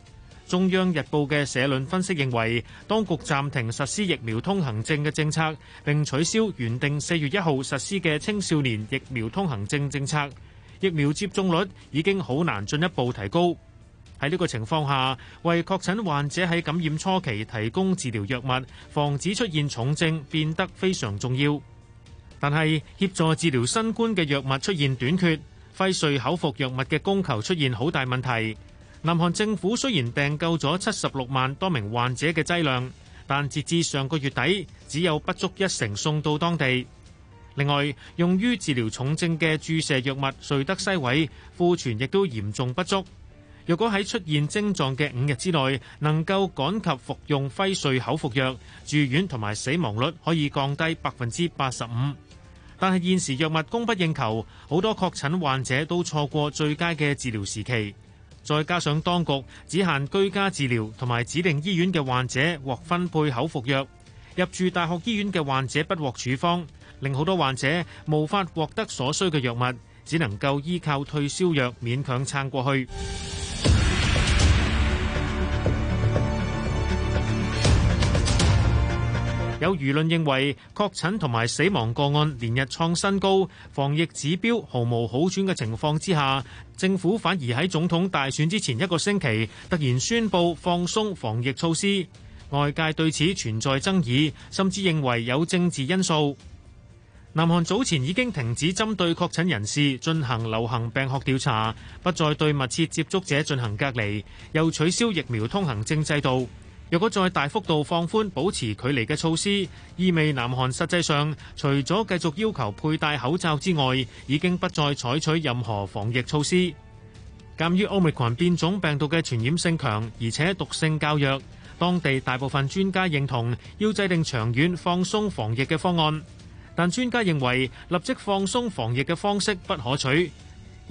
中央日報嘅社論分析認為，當局暫停實施疫苗通行證嘅政策，並取消原定四月一號實施嘅青少年疫苗通行證政策，疫苗接種率已經好難進一步提高。喺呢個情況下，為確診患者喺感染初期提供治療藥物，防止出現重症，變得非常重要。但係協助治療新冠嘅藥物出現短缺，輝瑞口服藥物嘅供求出現好大問題。南韓政府雖然訂購咗七十六萬多名患者嘅劑量，但截至上個月底，只有不足一成送到當地。另外，用於治療重症嘅注射藥物瑞德西韋庫存亦都嚴重不足。若果喺出現症狀嘅五日之內能夠趕及服用輝瑞口服藥，住院同埋死亡率可以降低百分之八十五。但係現時藥物供不應求，好多確診患者都錯過最佳嘅治療時期。再加上當局只限居家治療同埋指定醫院嘅患者獲分配口服藥，入住大學醫院嘅患者不獲處方，令好多患者無法獲得所需嘅藥物，只能夠依靠退燒藥勉強撐過去。有輿論認為，確診同埋死亡個案連日創新高，防疫指標毫無好轉嘅情況之下，政府反而喺總統大選之前一個星期突然宣布放鬆防疫措施。外界對此存在爭議，甚至認為有政治因素。南韓早前已經停止針對確診人士進行流行病學調查，不再對密切接觸者進行隔離，又取消疫苗通行證制度。若果再大幅度放寬保持距離嘅措施，意味南韓實際上除咗繼續要求佩戴口罩之外，已經不再採取任何防疫措施。鑒於 Omicron 變種病毒嘅傳染性強，而且毒性較弱，當地大部分專家認同要制定長遠放鬆防疫嘅方案，但專家認為立即放鬆防疫嘅方式不可取。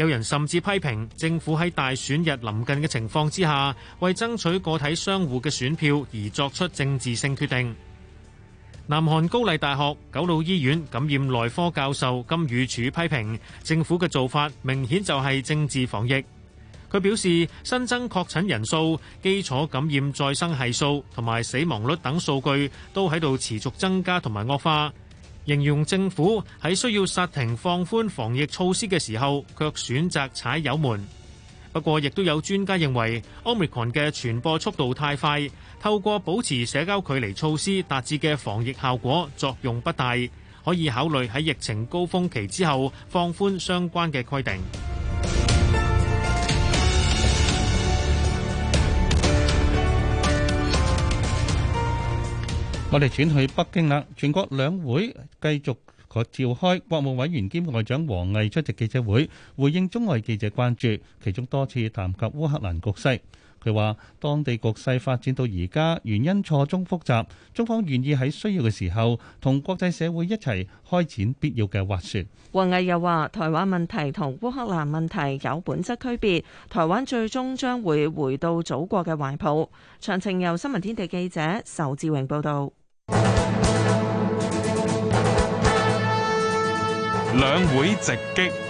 有人甚至批評政府喺大選日臨近嘅情況之下，為爭取個體商戶嘅選票而作出政治性決定。南韓高麗大學九老醫院感染內科教授金宇柱批評政府嘅做法明顯就係政治防疫。佢表示，新增確診人數、基礎感染再生係數同埋死亡率等數據都喺度持續增加同埋惡化。形容政府喺需要剎停、放寬防疫措施嘅時候，卻選擇踩油門。不過亦都有專家認為，Omicron 嘅傳播速度太快，透過保持社交距離措施達至嘅防疫效果作用不大，可以考慮喺疫情高峰期之後放寬相關嘅規定。我哋轉去北京啦。全國兩會繼續佢召開，國務委員兼外長王毅出席記者會，回應中外記者關注，其中多次談及烏克蘭局勢。佢話：當地局勢發展到而家，原因錯綜複雜，中方願意喺需要嘅時候同國際社會一齊開展必要嘅斡旋。王毅又話：台灣問題同烏克蘭問題有本質區別，台灣最終將會回到祖國嘅懷抱。詳情由新聞天地記者仇志榮報道。兩會直擊。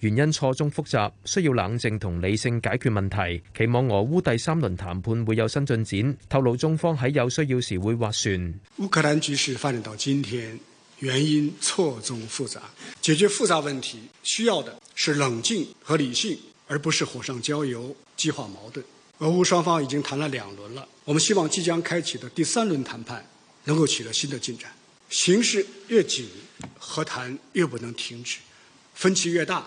原因錯綜複雜，需要冷靜同理性解決問題。期望俄烏第三輪談判會有新進展。透露中方喺有需要時會斡旋。烏克蘭局勢發展到今天，原因錯綜複雜，解決複雜問題需要的是冷靜和理性，而不是火上澆油激化矛盾。俄烏雙方已經談了兩輪了，我們希望即將開啟的第三輪談判能夠取得新的進展。形勢越緊，和談越不能停止，分歧越大，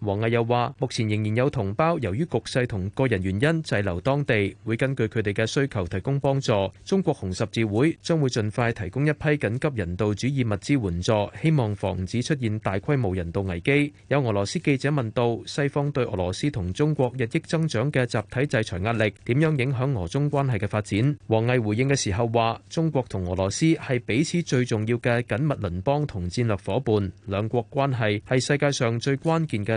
王毅又話：目前仍然有同胞由於局勢同個人原因滯留當地，會根據佢哋嘅需求提供幫助。中國紅十字會將會盡快提供一批緊急人道主義物資援助，希望防止出現大規模人道危機。有俄羅斯記者問到：西方對俄羅斯同中國日益增長嘅集體制裁壓力點樣影響俄中關係嘅發展？王毅回應嘅時候話：中國同俄羅斯係彼此最重要嘅緊密鄰邦同戰略夥伴，兩國關係係世界上最關鍵嘅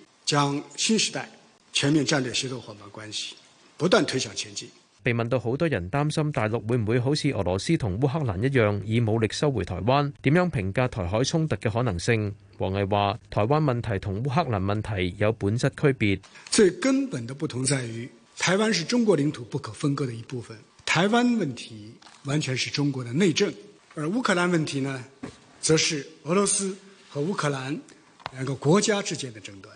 將新時代全面戰略協作伙伴關係不斷推向前進。被問到好多人擔心大陸會唔會好似俄羅斯同烏克蘭一樣以武力收回台灣，點樣評價台海衝突嘅可能性？王毅話：台灣問題同烏克蘭問題有本質區別，最根本的不同在於，台灣是中國領土不可分割的一部分，台灣問題完全是中國的內政，而烏克蘭問題呢，則是俄羅斯和烏克蘭兩個國家之間的爭端。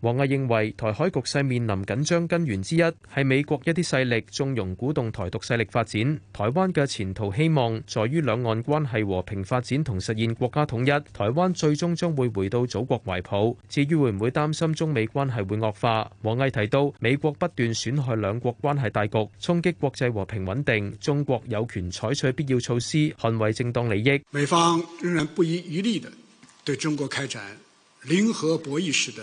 王毅認為，台海局勢面臨緊張根源之一係美國一啲勢力縱容鼓動台獨勢力發展。台灣嘅前途希望在於兩岸關係和平發展同實現國家統一，台灣最終將會回到祖國懷抱。至於會唔會擔心中美關係會惡化，王毅提到美國不斷損害兩國關係大局，衝擊國際和平穩定，中國有權採取必要措施捍衛正當利益。美方仍然不遺餘力地對中國開展零和博弈式的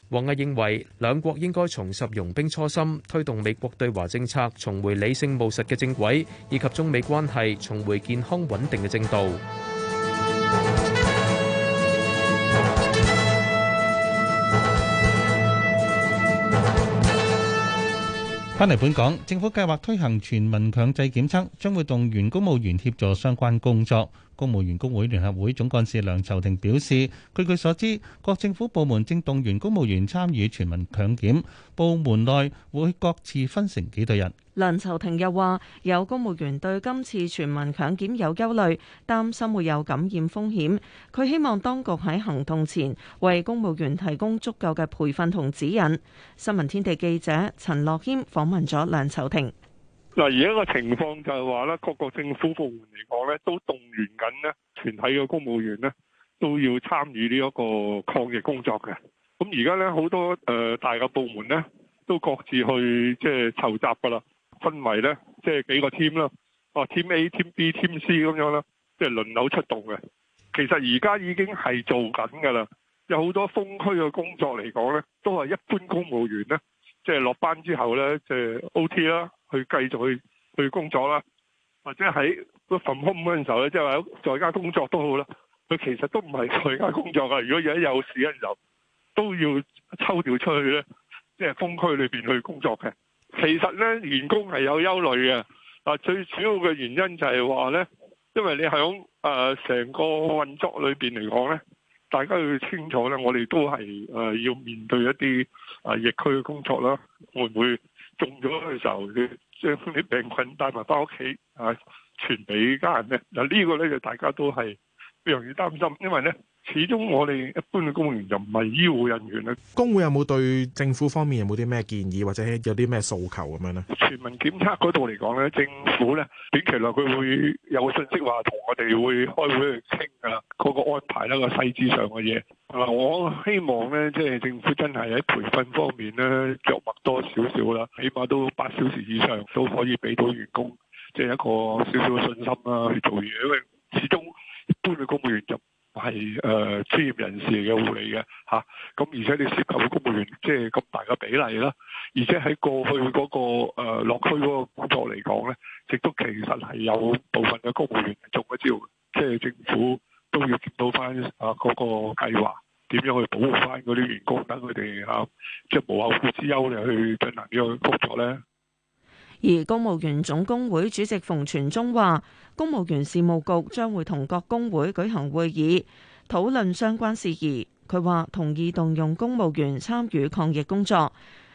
王毅認為，兩國應該重拾融冰初心，推動美國對華政策重回理性務實嘅正軌，以及中美關係重回健康穩定嘅正道。翻嚟本港，政府計劃推行全民強制檢測，將會動員公務員協助相關工作。公務員工會聯合會總幹事梁籌庭表示，據佢所知，各政府部門正動員公務員參與全民強檢，部門內會各自分成幾隊人。梁籌庭又話，有公務員對今次全民強檢有憂慮，擔心會有感染風險。佢希望當局喺行動前為公務員提供足夠嘅培訓同指引。新聞天地記者陳樂軒訪問咗梁籌庭。嗱，而家個情況就係話咧，各個政府部門嚟講咧，都動員緊咧，全體嘅公務員咧，都要參與呢一個抗疫工作嘅。咁而家咧，好多誒、呃、大嘅部門咧，都各自去即係籌集噶啦，分為咧即係幾個 team 啦，啊，哦 team A、team B、team C 咁樣啦，即係輪流出動嘅。其實而家已經係做緊噶啦，有好多封區嘅工作嚟講咧，都係一般公務員咧。即係落班之後咧，即係 OT 啦，去繼續去去工作啦，或者喺個訓空嗰陣時候咧，即係話在家工作都好啦。佢其實都唔係在家工作噶，如果有一有事嘅時候，都要抽調出去咧，即係封區裏邊去工作嘅。其實咧，員工係有憂慮嘅。嗱，最主要嘅原因就係話咧，因為你響誒成個運作裏邊嚟講咧。大家要清楚咧，我哋都係誒要面對一啲啊疫區嘅工作啦，會唔會中咗嘅時候，你將啲病菌帶埋翻屋企啊，傳俾家人咧？嗱、這個，呢個咧就大家都係非常之擔心，因為咧。始終我哋一般嘅公務員就唔係醫護人員啦。工會有冇對政府方面有冇啲咩建議或者有啲咩訴求咁樣咧？全民檢測嗰度嚟講咧，政府咧短期內佢會有個信息話同我哋會開會去傾噶啦，個個安排啦，個細緻上嘅嘢。嗱、呃，我希望咧，即係政府真係喺培訓方面咧，着墨多少少啦，起碼都八小時以上都可以俾到員工，即係一個少少信心啦去做嘢，因為始終一般嘅公務員就。係誒，專業人士嘅護理嘅嚇。咁、啊、而且你涉及嘅公務員即係咁大嘅比例啦、啊，而且喺過去嗰、嗰個、呃、落區嗰個工作嚟講咧，亦都其實係有部分嘅公務員做咗招，即、就、係、係、政府都要見到翻啊嗰個計劃點樣去保護翻嗰啲員工，等佢哋嚇即係無後顧之憂嚟去進行呢個工作咧。而公務員總工會主席馮傳宗話，公務員事務局將會同各工會舉行會議，討論相關事宜。佢話同意動用公務員參與抗疫工作。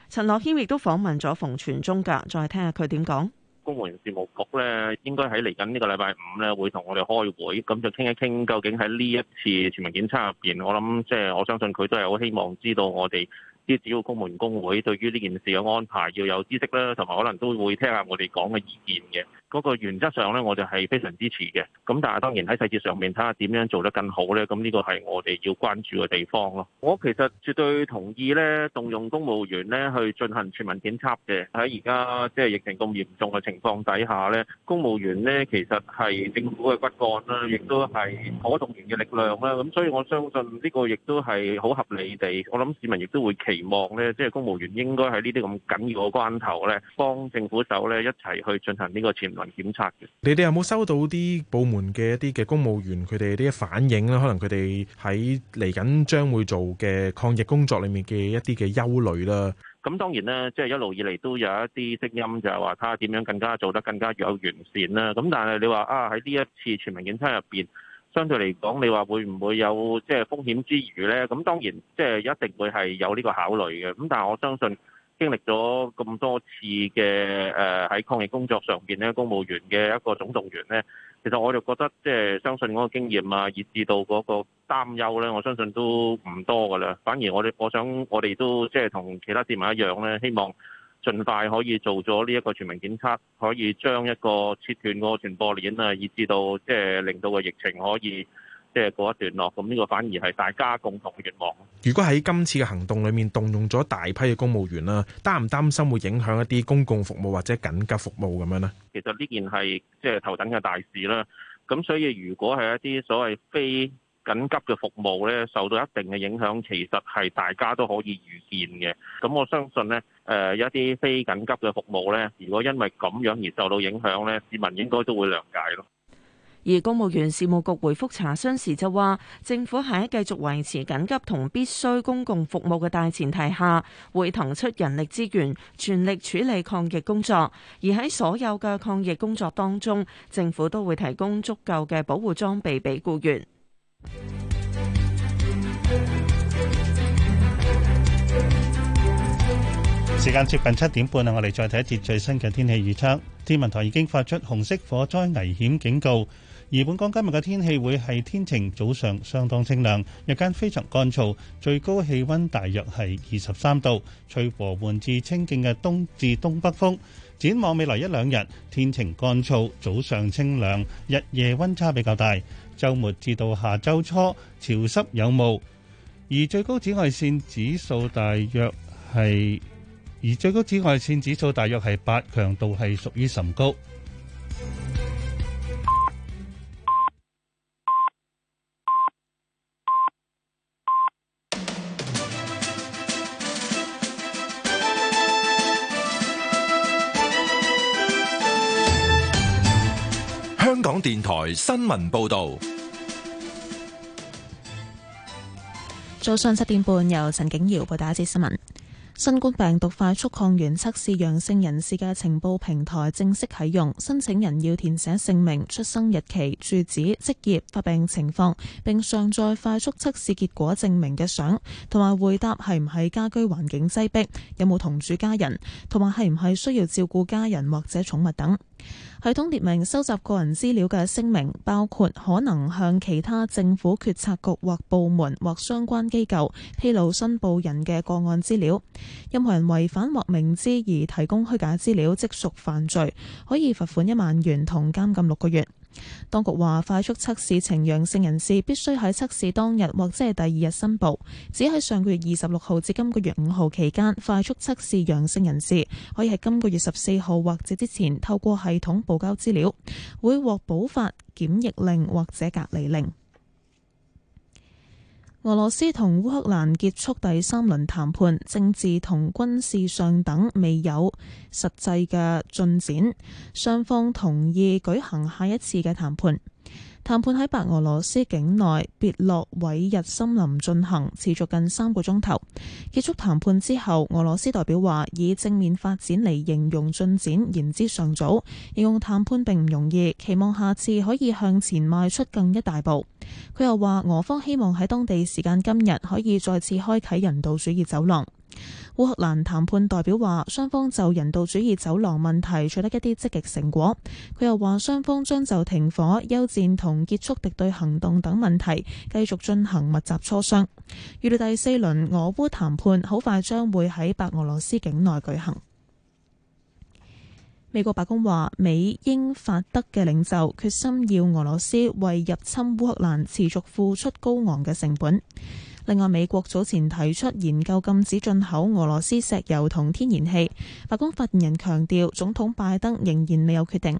陳樂謙亦都訪問咗馮傳宗噶，再聽下佢點講。公務員事務局咧，應該喺嚟緊呢個禮拜五咧，會同我哋開會，咁就傾一傾究竟喺呢一次全民檢測入邊，我諗即係我相信佢都係好希望知道我哋。啲主要工門工會對於呢件事嘅安排要有知識啦，同埋可能都會聽下我哋講嘅意見嘅。嗰個原則上咧，我哋係非常支持嘅。咁但係當然喺細節上面，睇下點樣做得更好咧。咁呢個係我哋要關注嘅地方咯。我其實絕對同意咧，動用公務員咧去進行全民檢測嘅。喺而家即係疫情咁嚴重嘅情況底下咧，公務員咧其實係政府嘅骨幹啦，亦都係可動員嘅力量啦。咁所以我相信呢個亦都係好合理地。我諗市民亦都會期望咧，即係公務員應該喺呢啲咁緊要嘅關頭咧，幫政府手咧一齊去進行呢個全全民檢測嘅，你哋有冇收到啲部門嘅一啲嘅公務員佢哋啲反應咧？可能佢哋喺嚟緊將會做嘅抗疫工作裏面嘅一啲嘅憂慮啦。咁當然啦，即係一路以嚟都有一啲聲音就係話，睇下點樣更加做得更加越有完善啦。咁但係你話啊，喺呢一次全民檢測入邊，相對嚟講，你話會唔會有即係風險之餘咧？咁當然即係一定會係有呢個考慮嘅。咁但係我相信。經歷咗咁多次嘅誒，喺抗疫工作上邊咧，公務員嘅一個總動員咧，其實我就覺得即係相信嗰個經驗啊，以至到嗰個擔憂咧，我相信都唔多㗎喇。反而我哋我想我哋都即係同其他市民一樣咧，希望盡快可以做咗呢一個全民檢測，可以將一個切斷嗰個傳播鏈啊，以至到即係令到個疫情可以。即係過一段落，咁、這、呢個反而係大家共同嘅願望。如果喺今次嘅行動裡面動用咗大批嘅公務員啦，擔唔擔心會影響一啲公共服務或者緊急服務咁樣呢？其實呢件係即係頭等嘅大事啦。咁所以如果係一啲所謂非緊急嘅服務咧，受到一定嘅影響，其實係大家都可以預見嘅。咁我相信呢，誒、呃、一啲非緊急嘅服務咧，如果因為咁樣而受到影響咧，市民應該都會諒解咯。而公務員事務局回覆查詢時就話，政府喺繼續維持緊急同必須公共服務嘅大前提下，會騰出人力資源，全力處理抗疫工作。而喺所有嘅抗疫工作當中，政府都會提供足夠嘅保護裝備俾僱員。時間接近七點半啦，我哋再睇一睇最新嘅天氣預測。天文台已經發出紅色火災危險警告。而本港今日嘅天氣會係天晴，早上相當清涼，日間非常乾燥，最高氣溫大約係二十三度，吹和緩至清勁嘅東至東北風。展望未來一兩日，天晴乾燥，早上清涼，日夜温差比較大。周末至到下周初潮濕有霧，而最高紫外線指數大約係而最高紫外線指數大約係八，強度係屬於甚高。香港電台新聞報道：早上七點半，由陳景瑤報道一節新聞。新冠病毒快速抗原測試陽性人士嘅情報平台正式啟用，申請人要填寫姓名、出生日期、住址、職業、發病情況，並上載快速測試結果證明嘅相，同埋回答係唔係家居環境擠迫，有冇同住家人，同埋係唔係需要照顧家人或者寵物等。系統列明收集個人資料嘅聲明，包括可能向其他政府決策局或部門或相關機構披露申報人嘅個案資料。任何人違反或明知而提供虛假資料，即屬犯罪，可以罰款一萬元同監禁六個月。當局話，快速測試呈陽性人士必須喺測試當日或者係第二日申報。只喺上個月二十六號至今個月五號期間，快速測試陽性人士可以喺今個月十四號或者之前透過系統報交資料，會獲補發檢疫令或者隔離令。俄羅斯同烏克蘭結束第三輪談判，政治同軍事上等未有實際嘅進展，雙方同意舉行下一次嘅談判。談判喺白俄羅斯境內別洛韋日森林進行，持續近三個鐘頭。結束談判之後，俄羅斯代表話以正面發展嚟形容進展，言之尚早。形容談判並唔容易，期望下次可以向前邁出更一大步。佢又話俄方希望喺當地時間今日可以再次開啟人道主義走廊。烏克蘭談判代表話，雙方就人道主義走廊問題取得一啲積極成果。佢又話，雙方將就停火、休戰同結束敵對行動等問題繼續進行密集磋商。預料第四輪俄烏談判好快將會喺白俄羅斯境內舉行。美國白宮話，美英法德嘅領袖決心要俄羅斯為入侵烏克蘭持續付出高昂嘅成本。另外，美國早前提出研究禁止進口俄羅斯石油同天然氣。白宮發言人強調，總統拜登仍然未有決定。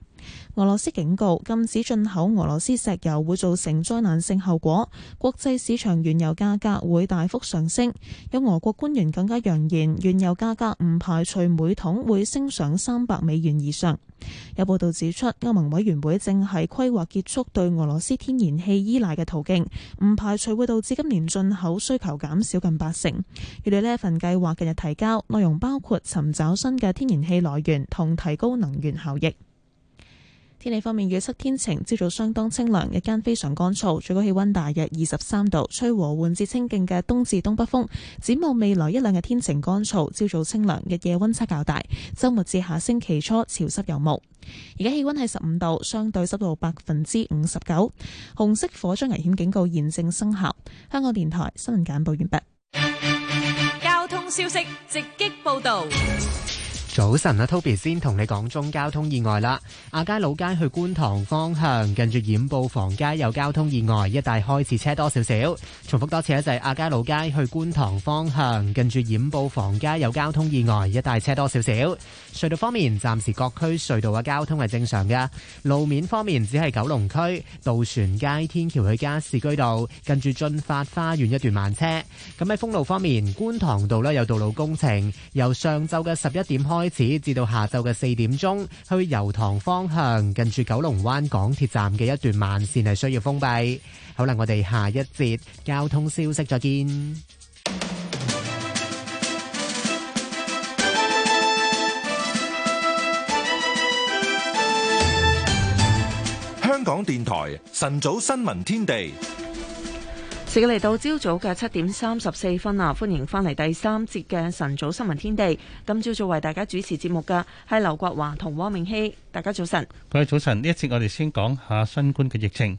俄羅斯警告禁止進口俄羅斯石油會造成災難性後果，國際市場原油價格會大幅上升。有俄國官員更加揚言，原油價格唔排除每桶會升上三百美元以上。有報導指出，歐盟委員會正係規劃結束對俄羅斯天然氣依賴嘅途徑，唔排除會導致今年進口。需求減少近八成，預料呢一份計劃近日提交，內容包括尋找新嘅天然氣來源同提高能源效益。天氣方面，預測天晴，朝早相當清涼，日間非常乾燥，最高氣溫大約二十三度，吹和緩至清勁嘅東至東北風。展望未來一兩日天晴乾燥，朝早清涼，日夜温差較大。周末至下星期初潮濕有霧。而家氣溫係十五度，相對濕度百分之五十九。紅色火災危險警告現正生效。香港電台新聞簡報完畢。交通消息直擊報道。早晨啊，Toby 先同你講中交通意外啦。亞皆老街去觀塘方向，近住染布房街有交通意外，一帶開始車多少少。重複多次咧，就係亞皆老街去觀塘方向，近住染布房街有交通意外，一帶車多少少。隧道方面，暫時各區隧道嘅交通係正常㗎。路面方面，只係九龍區渡船街天橋去加士居道，近住駿發花園一段慢車。咁喺封路方面，觀塘道咧有道路工程，由上晝嘅十一點開。開始至到下晝嘅四點鐘，去油塘方向近住九龍灣港鐵站嘅一段慢線係需要封閉。好啦，我哋下一節交通消息再見。香港電台晨早新聞天地。嚟到朝早嘅七點三十四分啦，歡迎翻嚟第三節嘅晨早新聞天地。今朝早為大家主持節目嘅係劉國華同汪明熙，大家早晨。各位早晨，呢一節我哋先講下新冠嘅疫情。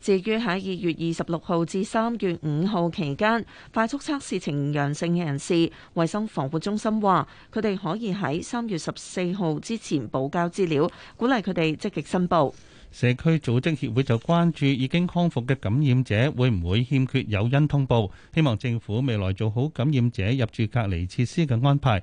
至於喺二月二十六號至三月五號期間，快速測試呈陽性嘅人士，衞生防護中心話佢哋可以喺三月十四號之前補交資料，鼓勵佢哋積極申報。社區組織協會就關注已經康復嘅感染者會唔會欠缺有因通報，希望政府未來做好感染者入住隔離設施嘅安排。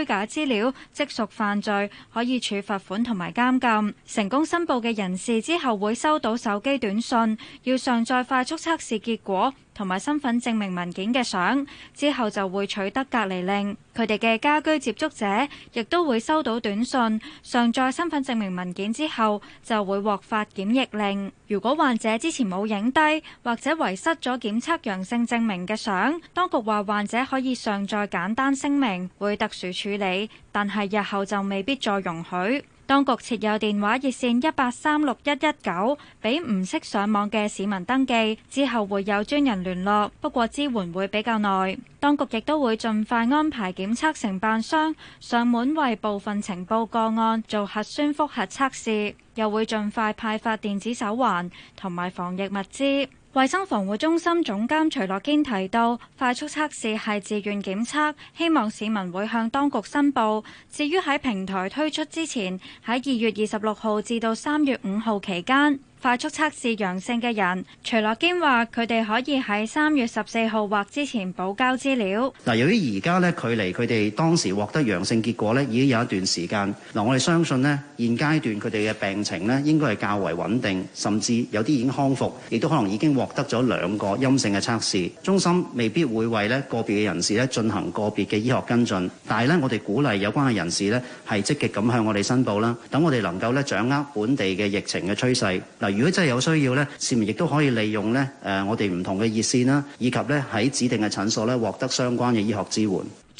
虛假資料即屬犯罪，可以處罰款同埋監禁。成功申報嘅人士之後會收到手機短信，要上載快速測試結果。同埋身份證明文件嘅相，之後就會取得隔離令。佢哋嘅家居接觸者亦都會收到短信，上載身份證明文件之後，就會獲發檢疫令。如果患者之前冇影低，或者遺失咗檢測陽性證明嘅相，當局話患者可以上載簡單聲明，會特殊處理，但係日後就未必再容許。當局設有電話熱線一八三六一一九，俾唔識上網嘅市民登記，之後會有專人聯絡。不過支援會比較耐，當局亦都會盡快安排檢測承辦商上門為部分呈報個案做核酸複核測試，又會盡快派發電子手環同埋防疫物資。衛生防護中心總監徐樂堅提到，快速測試係自願檢測，希望市民會向當局申報。至於喺平台推出之前，喺二月二十六號至到三月五號期間。快速測試陽性嘅人，徐樂堅話佢哋可以喺三月十四號或之前補交資料。嗱，由於而家咧距離佢哋當時獲得陽性結果咧，已經有一段時間。嗱，我哋相信咧，現階段佢哋嘅病情咧應該係較為穩定，甚至有啲已經康復，亦都可能已經獲得咗兩個陰性嘅測試。中心未必會為咧個別嘅人士咧進行個別嘅醫學跟進，但係咧我哋鼓勵有關嘅人士咧係積極咁向我哋申報啦。等我哋能夠咧掌握本地嘅疫情嘅趨勢。如果真係有需要咧，市民亦都可以利用咧，誒，我哋唔同嘅熱線啦，以及咧喺指定嘅診所咧獲得相關嘅醫學支援。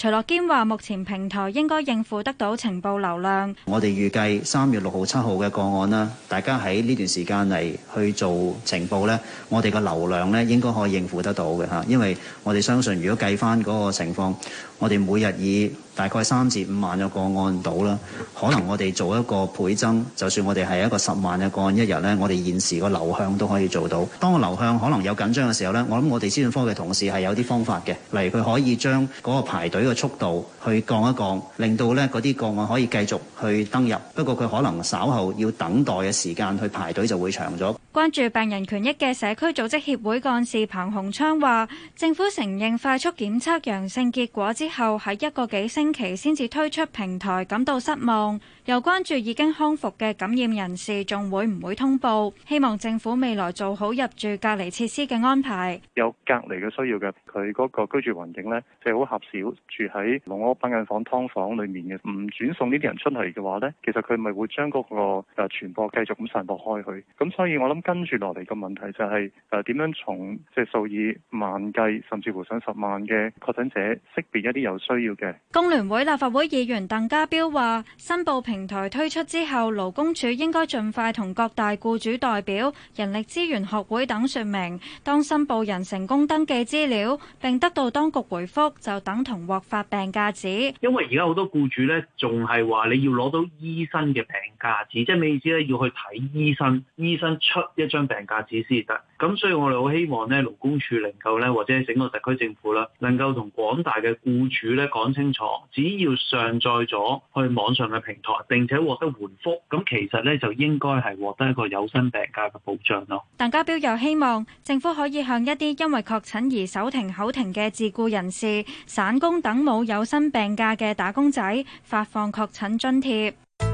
徐樂堅話：目前平台應該應付得到情報流量。我哋預計三月六號、七號嘅個案啦，大家喺呢段時間嚟去做情報咧，我哋嘅流量咧應該可以應付得到嘅吓。因為我哋相信，如果計翻嗰個情況，我哋每日以大概三至五萬嘅個，個案到啦，可能我哋做一個倍增，就算我哋係一個十萬嘅個，個案一日咧，我哋現時個流向都可以做到。當個流向可能有緊張嘅時候咧，我諗我哋資訊科嘅同事係有啲方法嘅，例如佢可以將嗰個排隊。嘅速度去降一降，令到呢嗰啲個案可以繼續去登入，不過佢可能稍後要等待嘅時間去排隊就會長咗。關注病人權益嘅社區組織協會幹事彭洪昌話，政府承認快速檢測陽性結果之後，喺一個幾星期先至推出平台，感到失望。又關注已經康復嘅感染人士，仲會唔會通報？希望政府未來做好入住隔離設施嘅安排。有隔離嘅需要嘅，佢嗰個居住環境咧，係好狹小住喺籠屋、板間房、劏房裡面嘅，唔轉送呢啲人出嚟嘅話呢，其實佢咪會將嗰個誒傳播繼續咁散播開去。咁所以我諗跟住落嚟嘅問題就係誒點樣從即係數以萬計甚至乎上十萬嘅確診者識別一啲有需要嘅，工聯會立法會議員鄧家彪話：申報評。平台推出之後勞工處應該盡快同各大僱主代表、人力資源學會等說明，當申報人成功登記資料並得到當局回覆就等同獲發病假紙，因為而家好多僱主咧，仲係話你要攞到醫生嘅病假紙，即係咩意思咧？要去睇醫生，醫生出一張病假紙先得。咁所以我哋好希望咧，勞工處能夠咧，或者整個特區政府啦，能夠同廣大嘅僱主咧講清楚，只要上載咗去網上嘅平台，並且獲得緩復，咁其實咧就應該係獲得一個有薪病假嘅保障咯。鄧家彪又希望政府可以向一啲因為確診而手停口停嘅自雇人士、散工等冇有薪病假嘅打工仔發放確診津貼。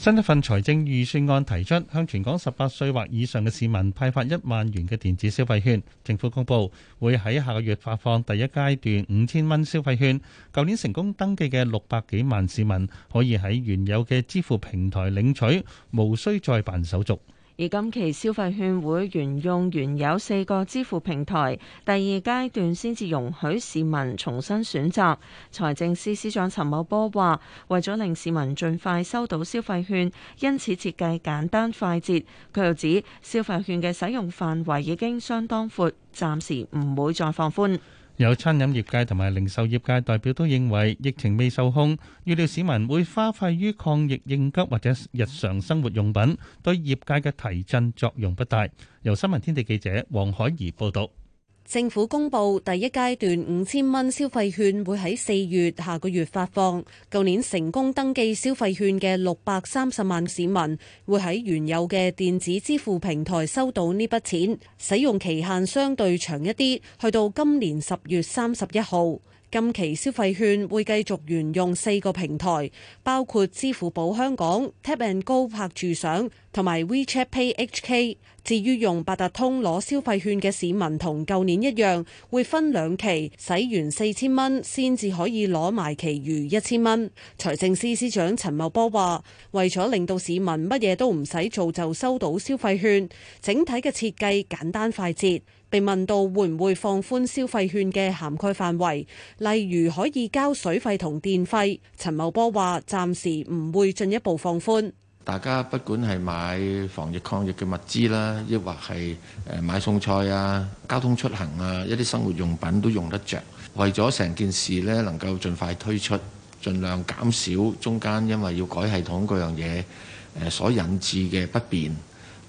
新一份財政預算案提出，向全港十八歲或以上嘅市民派發一萬元嘅電子消費券。政府公佈會喺下個月發放第一階段五千蚊消費券，舊年成功登記嘅六百幾萬市民可以喺原有嘅支付平台領取，無需再辦手續。而今期消費券會沿用原有四個支付平台，第二階段先至容許市民重新選擇。財政司司長陳茂波話，為咗令市民盡快收到消費券，因此設計簡單快捷。佢又指，消費券嘅使用範圍已經相當闊，暫時唔會再放寬。有餐飲業界同埋零售業界代表都認為，疫情未受控，預料市民會花費於抗疫應急或者日常生活用品，對業界嘅提振作用不大。由新聞天地記者黃海怡報道。政府公布第一階段五千蚊消費券會喺四月下個月發放，舊年成功登記消費券嘅六百三十萬市民會喺原有嘅電子支付平台收到呢筆錢，使用期限相對長一啲，去到今年十月三十一號。近期消費券會繼續沿用四個平台，包括支付寶香港、Tap and Go 拍住上同埋 WeChat Pay HK。至於用八達通攞消費券嘅市民，同舊年一樣，會分兩期使完四千蚊，先至可以攞埋其餘一千蚊。財政司司長陳茂波話，為咗令到市民乜嘢都唔使做就收到消費券，整體嘅設計簡單快捷。被問到會唔會放寬消費券嘅涵蓋範圍，例如可以交水費同電費，陳茂波話：暫時唔會進一步放寬。大家不管係買防疫抗疫嘅物資啦，亦或係誒買餸菜啊、交通出行啊、一啲生活用品都用得着。為咗成件事咧能夠盡快推出，儘量減少中間因為要改系統嗰樣嘢所引致嘅不便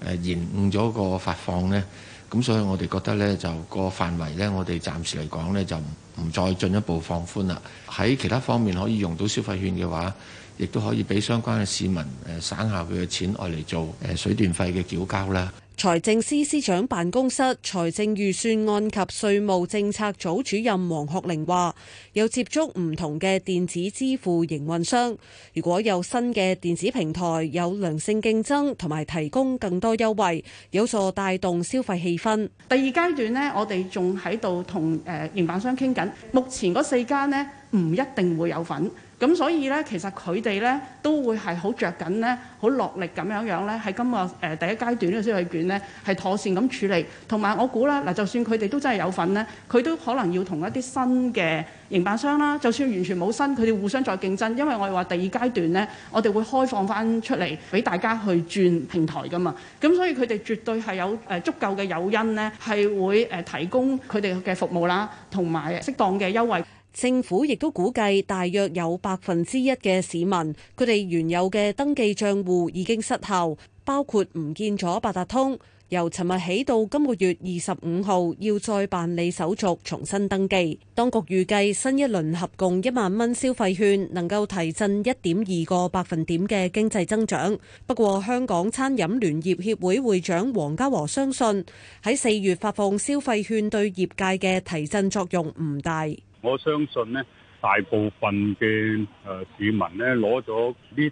誒延誤咗個發放呢。咁所以我哋覺得咧，就個範圍咧，我哋暫時嚟講咧，就唔再進一步放寬啦。喺其他方面可以用到消費券嘅話，亦都可以俾相關嘅市民誒省下佢嘅錢，愛嚟做誒水電費嘅繳交啦。財政司司長辦公室財政預算案及稅務政策組主任黃學玲話：有接觸唔同嘅電子支付營運商，如果有新嘅電子平台有良性競爭，同埋提供更多優惠，有助帶動消費氣氛。第二階段呢，我哋仲喺度同誒營辦商傾緊，目前嗰四間呢，唔一定會有份。咁所以咧，其實佢哋咧都會係好着緊咧，好落 [noise] 力咁樣樣咧，喺今日誒第一階段呢個消費券咧，係妥善咁處理。同埋我估啦，嗱就算佢哋都真係有份咧，佢都可能要同一啲新嘅營辦商啦。就算完全冇新，佢哋互相再競爭，因為我哋話第二階段咧，我哋會開放翻出嚟俾大家去轉平台㗎嘛。咁所以佢哋絕對係有誒足夠嘅誘因咧，係會誒提供佢哋嘅服務啦，同埋適當嘅優惠。政府亦都估計，大約有百分之一嘅市民，佢哋原有嘅登記帳戶已經失效，包括唔見咗八達通。由尋日起到今個月二十五號，要再辦理手續重新登記。當局預計新一輪合共一萬蚊消費券能夠提振一點二個百分點嘅經濟增長。不過，香港餐飲聯業協會會長黃家和相信喺四月發放消費券對業界嘅提振作用唔大。我相信咧，大部分嘅誒市民咧攞咗呢第一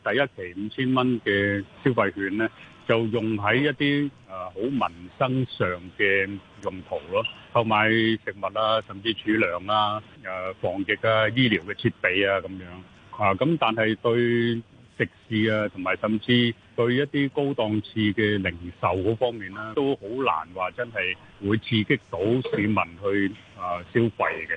期五千蚊嘅消費券咧，就用喺一啲誒好民生上嘅用途咯，購買食物啊，甚至儲糧啊、誒防疫啊、醫療嘅設備啊咁樣。啊，咁但係對食肆啊，同埋甚至對一啲高檔次嘅零售嗰方面咧，都好難話真係會刺激到市民去誒消費嘅。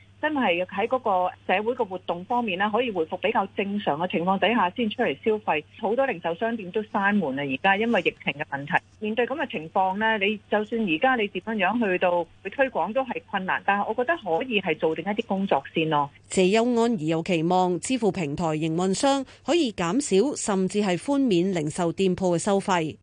真係喺嗰個社會嘅活動方面咧，可以回復比較正常嘅情況底下先出嚟消費。好多零售商店都閂門啦，而家因為疫情嘅問題。面對咁嘅情況呢，你就算而家你點樣樣去到去推廣都係困難，但係我覺得可以係做定一啲工作先咯。謝優安而有期望支付平台營運商可以減少甚至係寬免零售店鋪嘅收費。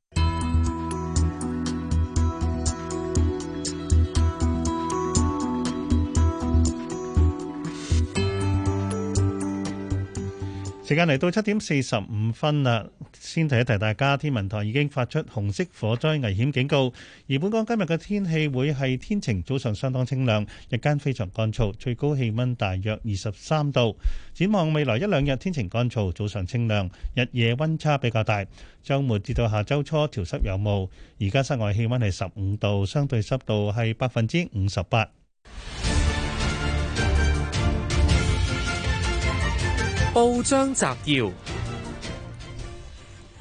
時間嚟到七點四十五分啦，先提一提大家，天文台已經發出紅色火災危險警告。而本港今日嘅天氣會係天晴，早上相當清涼，日間非常乾燥，最高氣溫大約二十三度。展望未來一兩日天晴乾燥，早上清涼，日夜溫差比較大。週末至到下週初潮濕有霧。而家室外氣溫係十五度，相對濕度係百分之五十八。報章摘要：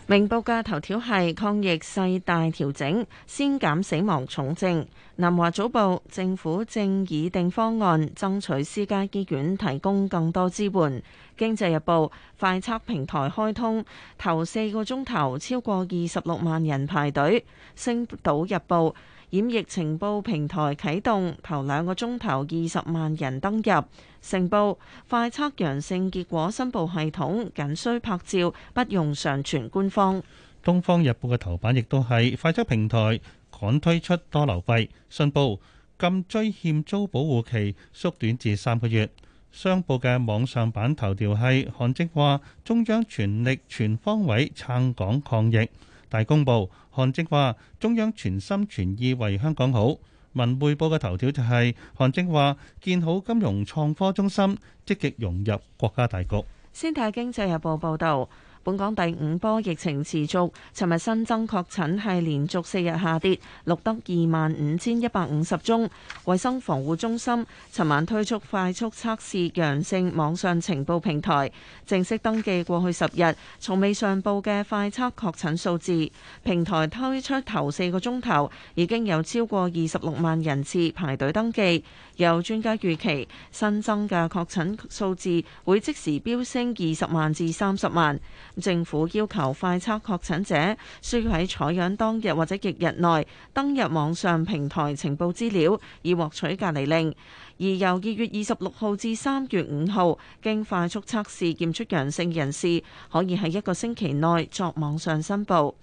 明報嘅頭條係抗疫勢大調整，先減死亡重症。南華早報：政府正擬定方案，爭取私家醫院提供更多支援。經濟日報：快測平台開通頭四個鐘頭，超過二十六萬人排隊。星島日報。染疫情報平台啟動，頭兩個鐘頭二十萬人登入。成報，快測陽性結果申報系統，僅需拍照，不用上傳官方。《東方日報》嘅頭版亦都係快測平台趕推出多流費。信報，禁追欠租保護期縮短至三個月。商報嘅網上版頭條係韓正話中央全力全方位撐港抗疫。大公報，韓正話中央全心全意為香港好。文匯報嘅頭條就係韓正話建好金融創科中心，積極融入國家大局。先睇經濟日報報道。本港第五波疫情持續，尋日新增確診係連續四日下跌，錄得二萬五千一百五十宗。衞生防護中心尋晚推出快速測試陽性網上情報平台，正式登記過去十日從未上報嘅快測確診數字。平台推出頭四個鐘頭已經有超過二十六萬人次排隊登記。有專家預期新增嘅確診數字會即時飆升二十萬至三十萬。政府要求快測確診者需要喺採樣當日或者翌日內登入網上平台情報資料，以獲取隔離令。而由二月二十六號至三月五號，經快速測試檢出陽性人士，可以喺一個星期內作網上申報。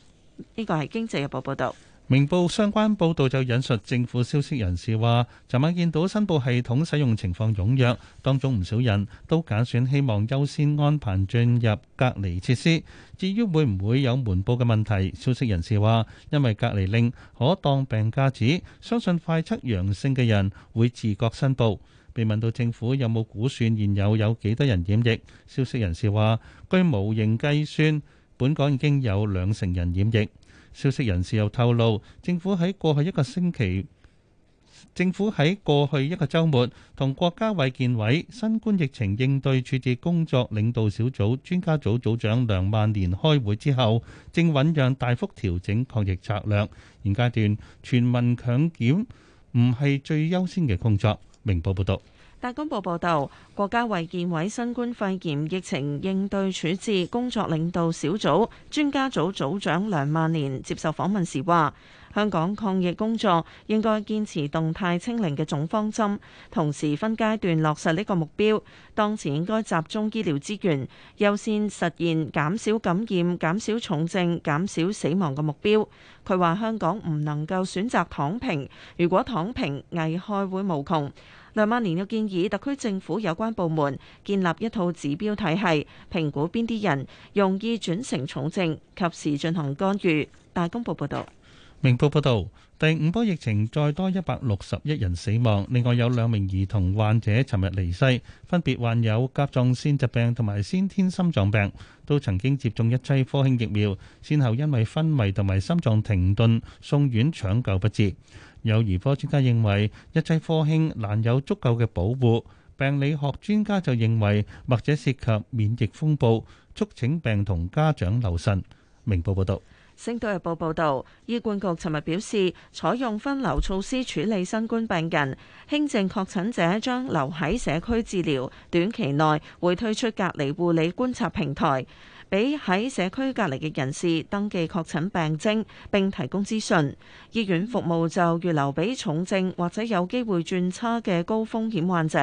呢個係經濟日報報導。明報相關報導就引述政府消息人士話：昨晚見到申報系統使用情況踴躍，當中唔少人都揀選希望優先安排進入隔離設施。至於會唔會有瞞報嘅問題，消息人士話，因為隔離令可當病假紙，相信快測陽性嘅人會自覺申報。被問到政府有冇估算現有有幾多人染疫，消息人士話：據模型計算，本港已經有兩成人染疫。消息人士又透露，政府喺過去一個星期，政府喺過去一個週末同國家衛健委新冠疫情應對處置工作領導小組專家組組長梁萬年開會之後，正醞釀大幅調整抗疫策略。現階段全民強檢唔係最優先嘅工作。明報報道。大公報報導，國家衛健委新冠肺炎疫情應對處置工作領導小組專家組組長梁萬年接受訪問時話：香港抗疫工作應該堅持動態清零嘅總方針，同時分階段落實呢個目標。當前應該集中醫療資源，優先實現減少感染、減少重症、減少死亡嘅目標。佢話：香港唔能夠選擇躺平，如果躺平，危害會無窮。梁萬年又建議特區政府有關部門建立一套指標體系，評估邊啲人容易轉成重症，及時進行干預。大公報報道。明報報道，第五波疫情再多一百六十一人死亡，另外有兩名兒童患者尋日離世，分別患有甲狀腺疾病同埋先天心臟病，都曾經接種一劑科興疫苗，先後因為昏迷同埋心臟停頓送院搶救不治。有兒科專家認為，一劑科興難有足夠嘅保護。病理學專家就認為，或者涉及免疫風暴，促請病童家長留神。明報報導。《星島日報》報道，醫管局尋日表示，採用分流措施處理新冠病人，輕症確診者將留喺社區治療，短期內會推出隔離護理觀察平台。俾喺社區隔離嘅人士登記確診病徵，並提供資訊。醫院服務就預留俾重症或者有機會轉差嘅高風險患者，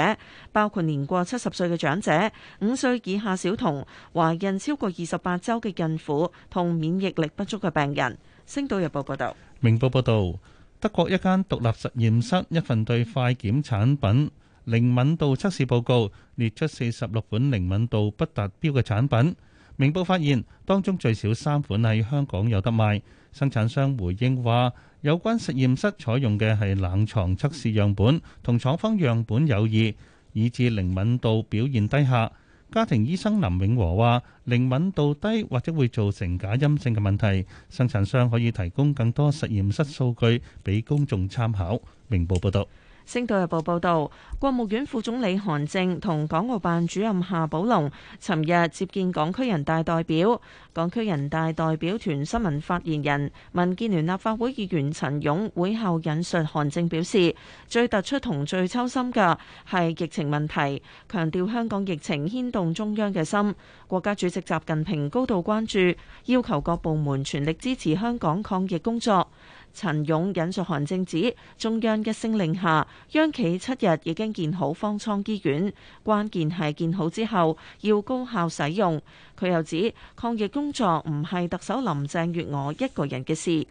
包括年過七十歲嘅長者、五歲以下小童、懷孕超過二十八週嘅孕婦同免疫力不足嘅病人。星島日報報道。明報報道，德國一間獨立實驗室一份對快檢產品靈敏度測試報告，列出四十六款靈敏度不達標嘅產品。明報發現當中最少三款喺香港有得賣。生產商回應話，有關實驗室採用嘅係冷藏測試樣本，同廠方樣本有異，以致靈敏度表現低下。家庭醫生林永和話，靈敏度低或者會造成假陰性嘅問題。生產商可以提供更多實驗室數據俾公眾參考。明報報道。《星島日報》報導，國務院副總理韓正同港澳辦主任夏寶龍尋日接見港區人大代表，港區人大代表團新聞發言人、民建聯立法會議員陳勇會後引述韓正表示：最突出同最揪心嘅係疫情問題，強調香港疫情牽動中央嘅心，國家主席習近平高度關注，要求各部門全力支持香港抗疫工作。陳勇引述韓正指，中央一聲令下，央企七日已經建好方艙醫院，關鍵係建好之後要高效使用。佢又指，抗疫工作唔係特首林鄭月娥一個人嘅事。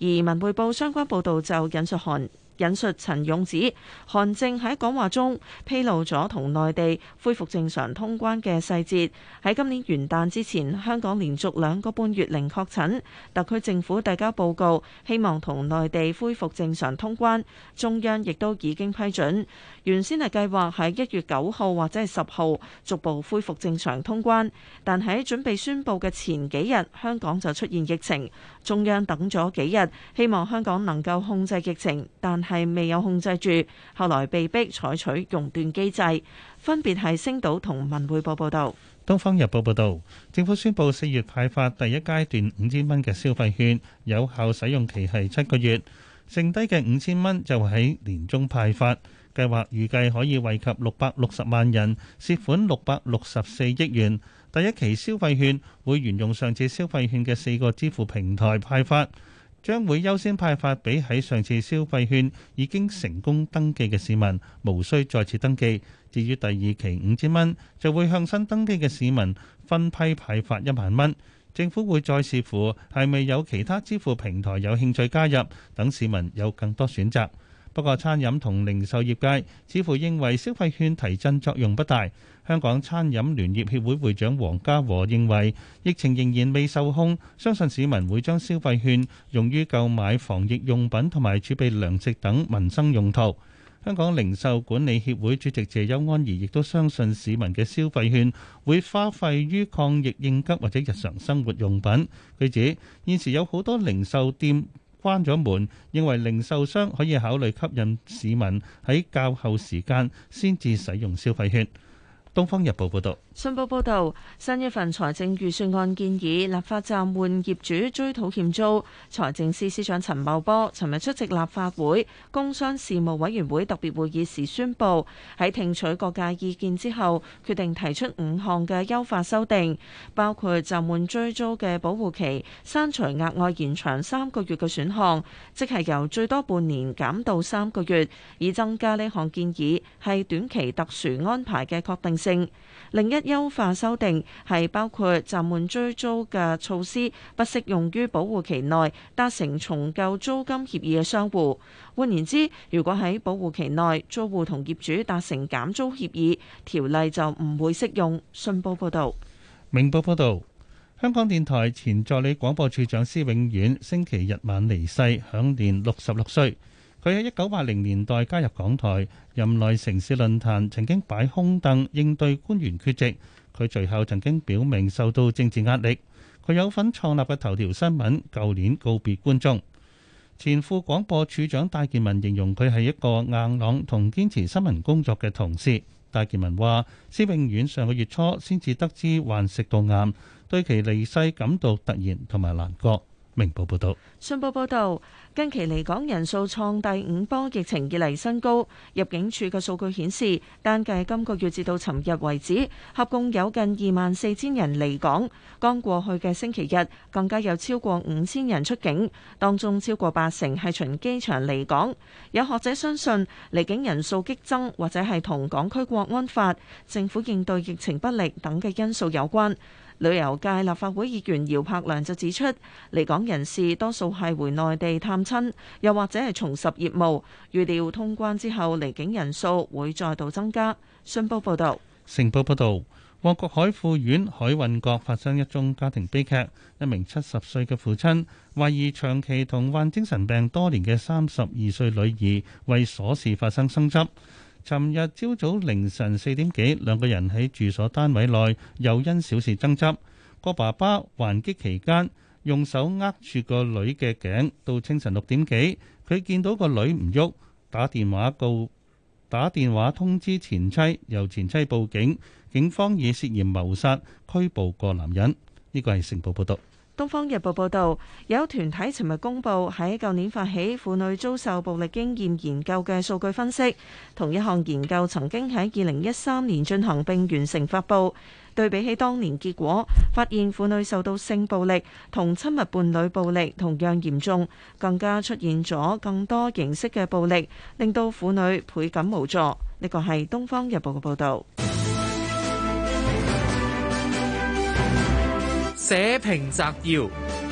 而文匯報相關報導就引述韓。引述陳勇指，韓正喺講話中披露咗同內地恢復正常通關嘅細節。喺今年元旦之前，香港連續兩個半月零確診，特區政府遞交報告，希望同內地恢復正常通關，中央亦都已經批准。原先係計劃喺一月九號或者係十號逐步恢復正常通關，但喺準備宣佈嘅前幾日，香港就出現疫情。中央等咗幾日，希望香港能夠控制疫情，但係未有控制住，後來被迫採取熔斷機制。分別係星島同文匯報報道。《東方日報》報道，政府宣布四月派發第一階段五千蚊嘅消費券，有效使用期係七個月，剩低嘅五千蚊就喺年中派發，計劃預計可以惠及六百六十萬人，涉款六百六十四億元。第一期消費券會沿用上次消費券嘅四個支付平台派發，將會優先派發俾喺上次消費券已經成功登記嘅市民，無需再次登記。至於第二期五千蚊，就會向新登記嘅市民分批派發一萬蚊。政府會再視乎係咪有其他支付平台有興趣加入，等市民有更多選擇。不過，餐飲同零售業界似乎認為消費券提振作用不大。香港餐飲聯業協會會長黃家和認為，疫情仍然未受控，相信市民會將消費券用於購買防疫用品同埋儲備糧食等民生用途。香港零售管理協會主席謝邱安儀亦都相信市民嘅消費券會花費於抗疫應急或者日常生活用品。佢指現時有好多零售店關咗門，認為零售商可以考慮吸引市民喺較後時間先至使用消費券。《東方日報》報導。信報報導，新一份財政預算案建議立法暫緩業主追討欠租。財政司司長陳茂波尋日出席立法會工商事務委員會特別會議時宣布，喺聽取各界意見之後，決定提出五項嘅優化修訂，包括暫緩追租嘅保護期、刪除額外延長三個月嘅選項，即係由最多半年減到三個月，以增加呢項建議係短期特殊安排嘅確定性。另一優化修訂係包括暫緩追租嘅措施，不適用於保護期內達成重舊租金協議嘅商戶。換言之，如果喺保護期內租戶同業主達成減租協議，條例就唔會適用。信報報道。明報報道，香港電台前助理廣播處長施永遠星期日晚離世，享年六十六歲。佢喺一九八零年代加入港台，任內城市論壇曾經擺空凳應對官員缺席。佢隨後曾經表明受到政治壓力。佢有份創立嘅頭條新聞，舊年告別觀眾。前副廣播處長戴建文形容佢係一個硬朗同堅持新聞工作嘅同事。戴建文話施永遠上個月初先至得知患食道癌，對其離世感到突然同埋難過。明報報道：信報報道，近期離港人數創第五波疫情以來新高。入境處嘅數據顯示，單計今個月至到尋日為止，合共有近二萬四千人離港。剛過去嘅星期日，更加有超過五千人出境，當中超過八成係從機場離港。有學者相信，離境人數激增，或者係同港區國安法、政府應對疫情不力等嘅因素有關。旅遊界立法會議員姚柏良就指出，離港人士多數係回內地探親，又或者係重拾業務，預料通關之後離境人數會再度增加。信報報道：城報道「城報報導，旺角海富苑海運閣發生一宗家庭悲劇，一名七十歲嘅父親懷疑長期同患精神病多年嘅三十二歲女兒為瑣事發生爭執。尋日朝早凌晨四點幾，兩個人喺住所單位內又因小事爭執。個爸爸還擊期間用手握住個女嘅頸，到清晨六點幾，佢見到個女唔喐，打電話告打電話通知前妻，由前妻報警。警方以涉嫌謀殺拘捕個男人。呢、這個係成報報導。《東方日報》報導，有團體尋日公布喺舊年發起婦女遭受暴力經驗研究嘅數據分析，同一項研究曾經喺二零一三年進行並完成發布，對比起當年結果，發現婦女受到性暴力同親密伴侶暴力同樣嚴重，更加出現咗更多形式嘅暴力，令到婦女倍感無助。呢個係《東方日報》嘅報導。寫評摘要。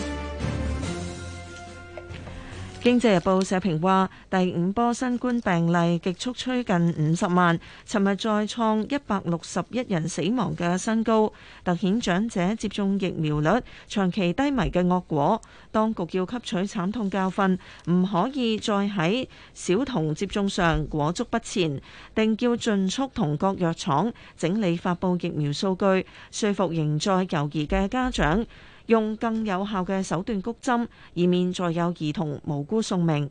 經濟日報社評話：第五波新冠病例極速趨近五十萬，尋日再創一百六十一人死亡嘅新高，突顯長者接種疫苗率長期低迷嘅惡果。當局要吸取慘痛教訓，唔可以再喺小童接種上裹足不前，定叫盡速同各藥廠整理發佈疫苗數據，說服仍在猶豫嘅家長。用更有效嘅手段谷針，以免再有兒童無辜送命。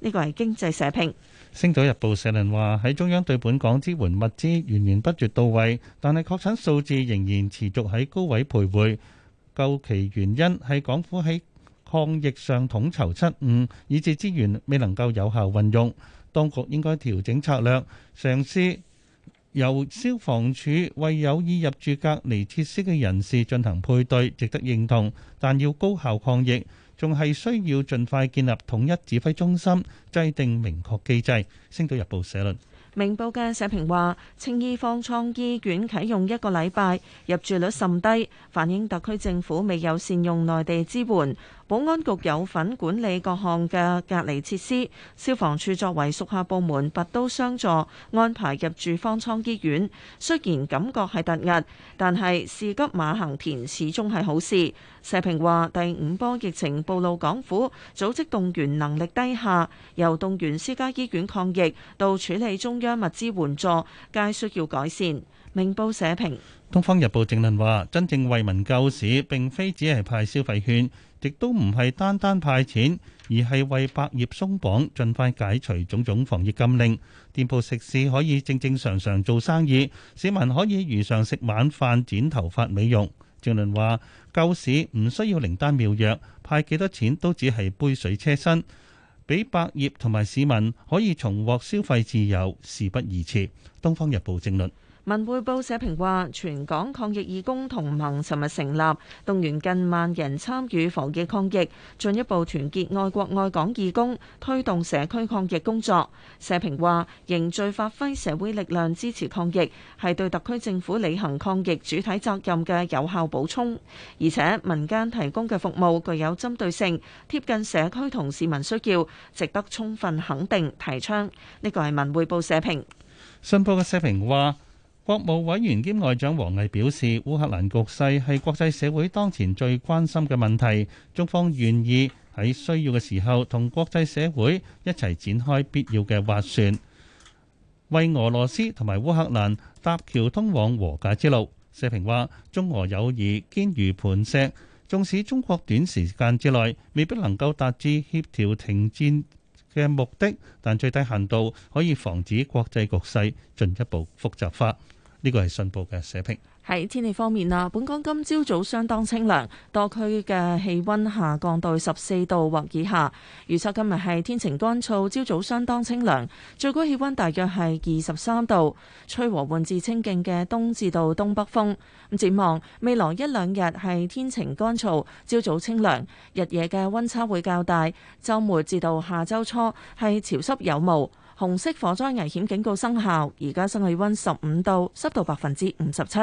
呢個係經濟社評。星島日報社論話：喺中央對本港支援物資源源不絕到位，但係確診數字仍然持續喺高位徘徊。究其原因，係港府喺抗疫上統籌失誤，以致資源未能夠有效運用。當局應該調整策略，嘗試。由消防處為有意入住隔離設施嘅人士進行配對，值得認同，但要高效抗疫，仲係需要盡快建立統一指揮中心，制定明確機制。星島日報社論明報嘅社評話：青衣方艙醫院啟用一個禮拜，入住率甚低，反映特區政府未有善用內地支援。保安局有份管理各項嘅隔離設施，消防處作為屬下部門拔刀相助，安排入住方艙醫院。雖然感覺係突兀，但係事急馬行田，始終係好事。社評話第五波疫情暴露港府組織動員能力低下，由動員私家醫院抗疫到處理中央物資援助，皆需要改善。明報社評，《東方日報》正論話真正為民救市，並非只係派消費券。亦都唔係單單派錢，而係為百業鬆綁，盡快解除種種防疫禁令，店鋪食肆可以正正常常做生意，市民可以如常食晚飯、剪頭髮、美容。正論話救市唔需要靈丹妙藥，派幾多錢都只係杯水車薪，俾百業同埋市民可以重獲消費自由，事不宜遲。《東方日報》正論。文匯報社評話，全港抗疫義工同盟尋日成立，動員近萬人參與防疫抗疫，進一步團結愛國愛港義工，推動社區抗疫工作。社評話，凝聚發揮社會力量支持抗疫，係對特區政府履行抗疫主體責任嘅有效補充，而且民間提供嘅服務具有針對性，貼近社區同市民需要，值得充分肯定提倡。呢個係文匯報社評。信報嘅社評話。國務委員兼外長王毅表示，烏克蘭局勢係國際社會當前最關心嘅問題，中方願意喺需要嘅時候同國際社會一齊展開必要嘅斡旋，為俄羅斯同埋烏克蘭搭橋通往和解之路。社評話，中俄友誼堅如磐石，縱使中國短時間之內未必能夠達至協調停戰嘅目的，但最低限度可以防止國際局勢進一步複雜化。呢個係信報嘅社評。喺天氣方面啦，本港今朝早，早相當清涼，多區嘅氣温下降到十四度或以下。預測今日係天晴乾燥，朝早相當清涼，最高氣溫大約係二十三度，吹和緩至清勁嘅東至度東北風。咁展望未來一兩日係天晴乾燥，朝早清涼，日夜嘅温差會較大。周末至到下周初係潮濕有霧。紅色火災危險警告生效，而家室氣溫十五度，濕度百分之五十七。